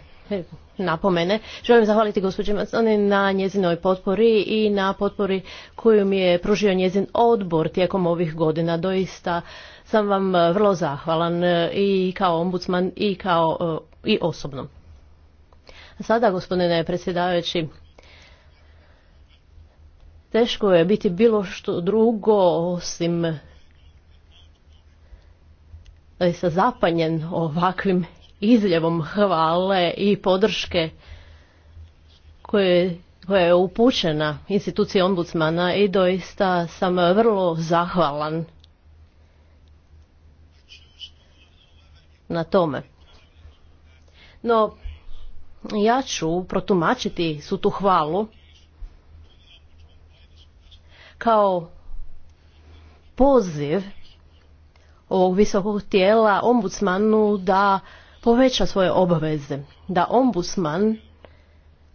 napomene, želim zahvaliti gospođi Maconi na njezinoj potpori i na potpori koju mi je pružio njezin odbor tijekom ovih godina. Doista sam vam vrlo zahvalan i kao ombudsman i kao e, i osobno. Sada, gospodine predsjedavajući, teško je biti bilo što drugo osim e, sa zapanjen ovakvim izljevom hvale i podrške koje, koja je upućena instituciji ombudsmana i doista sam vrlo zahvalan na tome. No, ja ću protumačiti su tu hvalu kao poziv ovog visokog tijela ombudsmanu da poveća svoje obaveze, da ombudsman,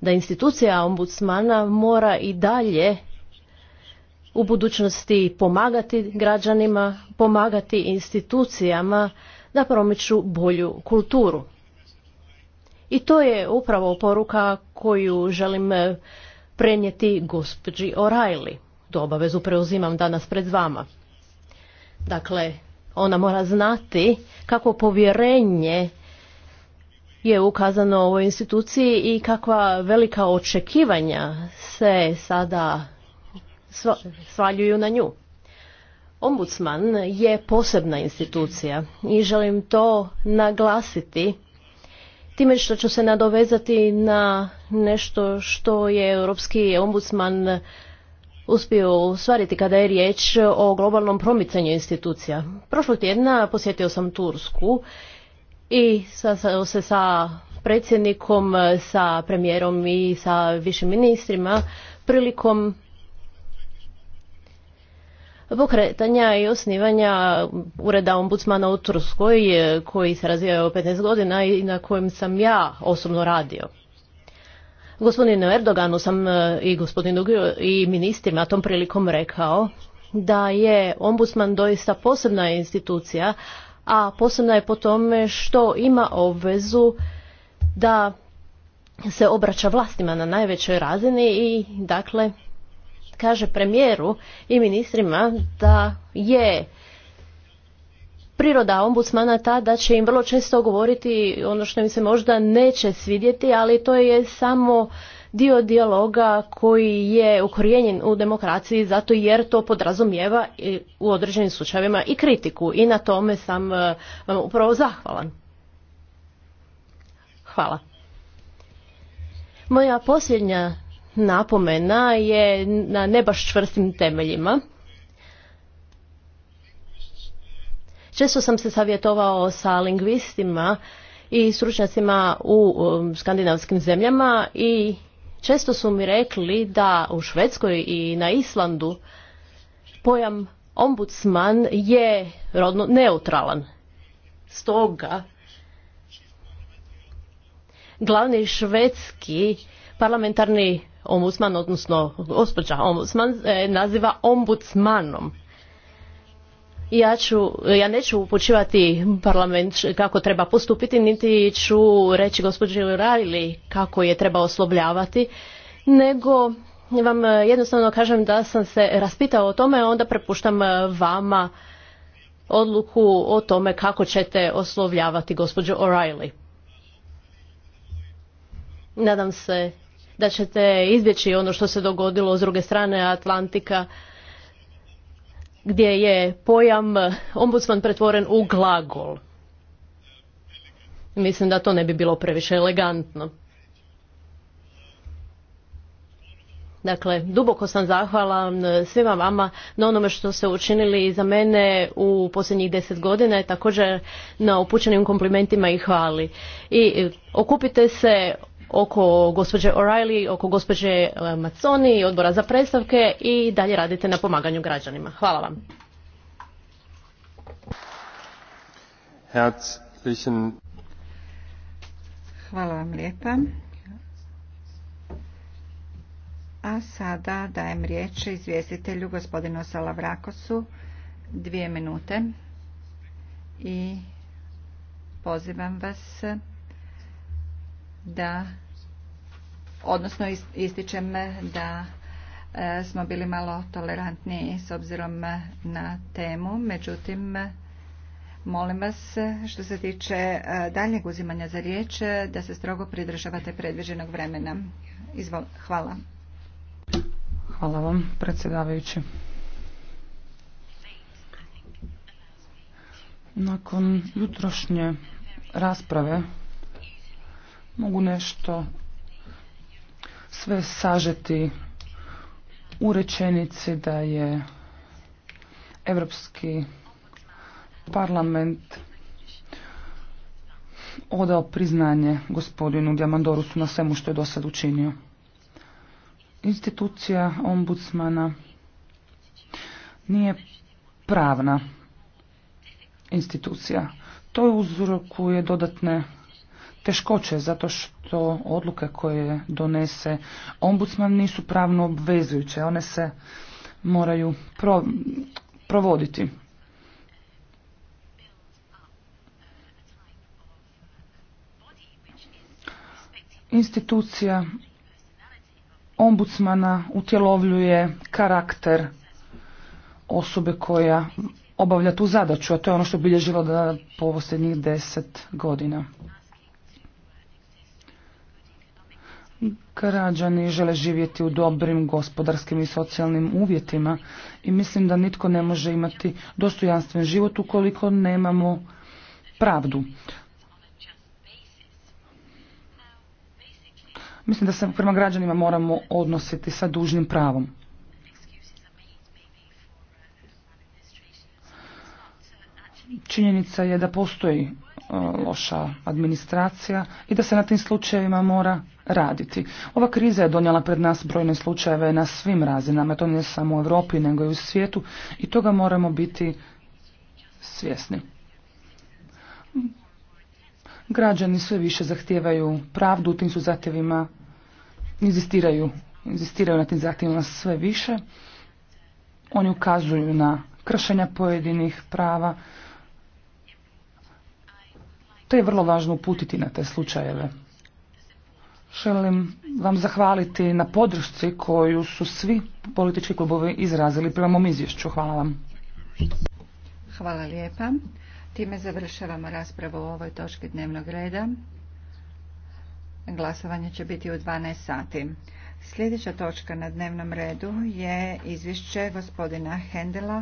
da institucija ombudsmana mora i dalje u budućnosti pomagati građanima, pomagati institucijama da promiču bolju kulturu. I to je upravo poruka koju želim eh, prenijeti gospođi O'Reilly. Tu obavezu preuzimam danas pred vama. Dakle, ona mora znati kako povjerenje je ukazano ovoj instituciji i kakva velika očekivanja se sada svaljuju na nju. Ombudsman je posebna institucija i želim to naglasiti time što ću se nadovezati na nešto što je Europski ombudsman uspio ostvariti kada je riječ o globalnom promicanju institucija. Prošlog tjedna posjetio sam Tursku i sastao se sa predsjednikom, sa premijerom i sa višim ministrima prilikom pokretanja i osnivanja ureda ombudsmana u Turskoj e, koji se razvijao 15 godina i na kojem sam ja osobno radio. Gospodinu Erdoganu sam e, i gospodinu i ministrima tom prilikom rekao da je ombudsman doista posebna institucija, a posebna je po tome što ima obvezu da se obraća vlastima na najvećoj razini i dakle kaže premijeru i ministrima da je priroda ombudsmana ta da će im vrlo često govoriti ono što im se možda neće svidjeti, ali to je samo dio dijaloga koji je ukorijenjen u demokraciji zato jer to podrazumijeva u određenim slučajevima i kritiku i na tome sam vam e, upravo zahvalan. Hvala. Moja posljednja napomena je na ne baš čvrstim temeljima. Često sam se savjetovao sa lingvistima i stručnjacima u skandinavskim zemljama i često su mi rekli da u Švedskoj i na Islandu pojam ombudsman je rodno neutralan. Stoga glavni švedski parlamentarni ombudsman, odnosno gospođa ombudsman, e, naziva ombudsmanom. Ja, ću, ja neću upućivati parlament kako treba postupiti, niti ću reći gospođi O'Reilly kako je treba oslovljavati, nego vam jednostavno kažem da sam se raspitao o tome, onda prepuštam vama odluku o tome kako ćete oslovljavati gospođu O'Reilly. Nadam se da ćete izbjeći ono što se dogodilo s druge strane Atlantika gdje je pojam ombudsman pretvoren u glagol. Mislim da to ne bi bilo previše elegantno. Dakle, duboko sam zahvala svima vama na onome što ste učinili za mene u posljednjih deset godina i također na upućenim komplimentima i hvali. I okupite se oko gospođe O'Reilly, oko gospođe eh, Maconi i odbora za predstavke i dalje radite na pomaganju građanima. Hvala vam. Hvala vam lijepa. A sada dajem riječ izvjestitelju gospodinu Salavrakosu dvije minute i pozivam vas da, odnosno ističem da e, smo bili malo tolerantniji s obzirom na temu, međutim molim vas što se tiče e, daljnjeg uzimanja za riječ da se strogo pridržavate predviđenog vremena. Izvol, hvala. Hvala vam, predsjedavajući. Nakon jutrošnje rasprave mogu nešto sve sažeti u rečenici da je Europski parlament odao priznanje gospodinu Diamandorusu na svemu što je do sad učinio. Institucija ombudsmana nije pravna institucija. To uzrokuje dodatne teškoće zato što odluke koje donese ombudsman nisu pravno obvezujuće. One se moraju provoditi. Institucija ombudsmana utjelovljuje karakter osobe koja obavlja tu zadaću, a to je ono što bilježilo da posljednjih deset godina. Građani žele živjeti u dobrim gospodarskim i socijalnim uvjetima i mislim da nitko ne može imati dostojanstven život ukoliko nemamo pravdu. Mislim da se prema građanima moramo odnositi sa dužnim pravom. Činjenica je da postoji e, loša administracija i da se na tim slučajevima mora raditi. Ova kriza je donijela pred nas brojne slučajeve na svim razinama, to nije samo u Europi nego i u svijetu i toga moramo biti svjesni. Građani sve više zahtijevaju pravdu u tim su zahtjevima, inzistiraju, na tim zahtjevima sve više. Oni ukazuju na kršenja pojedinih prava, to je vrlo važno uputiti na te slučajeve. Želim vam zahvaliti na podršci koju su svi politički klubovi izrazili prema mom izvješću. Hvala vam. Hvala lijepa. Time završavamo raspravu o ovoj točki dnevnog reda. Glasovanje će biti u 12 sati. Sljedeća točka na dnevnom redu je izvješće gospodina Hendela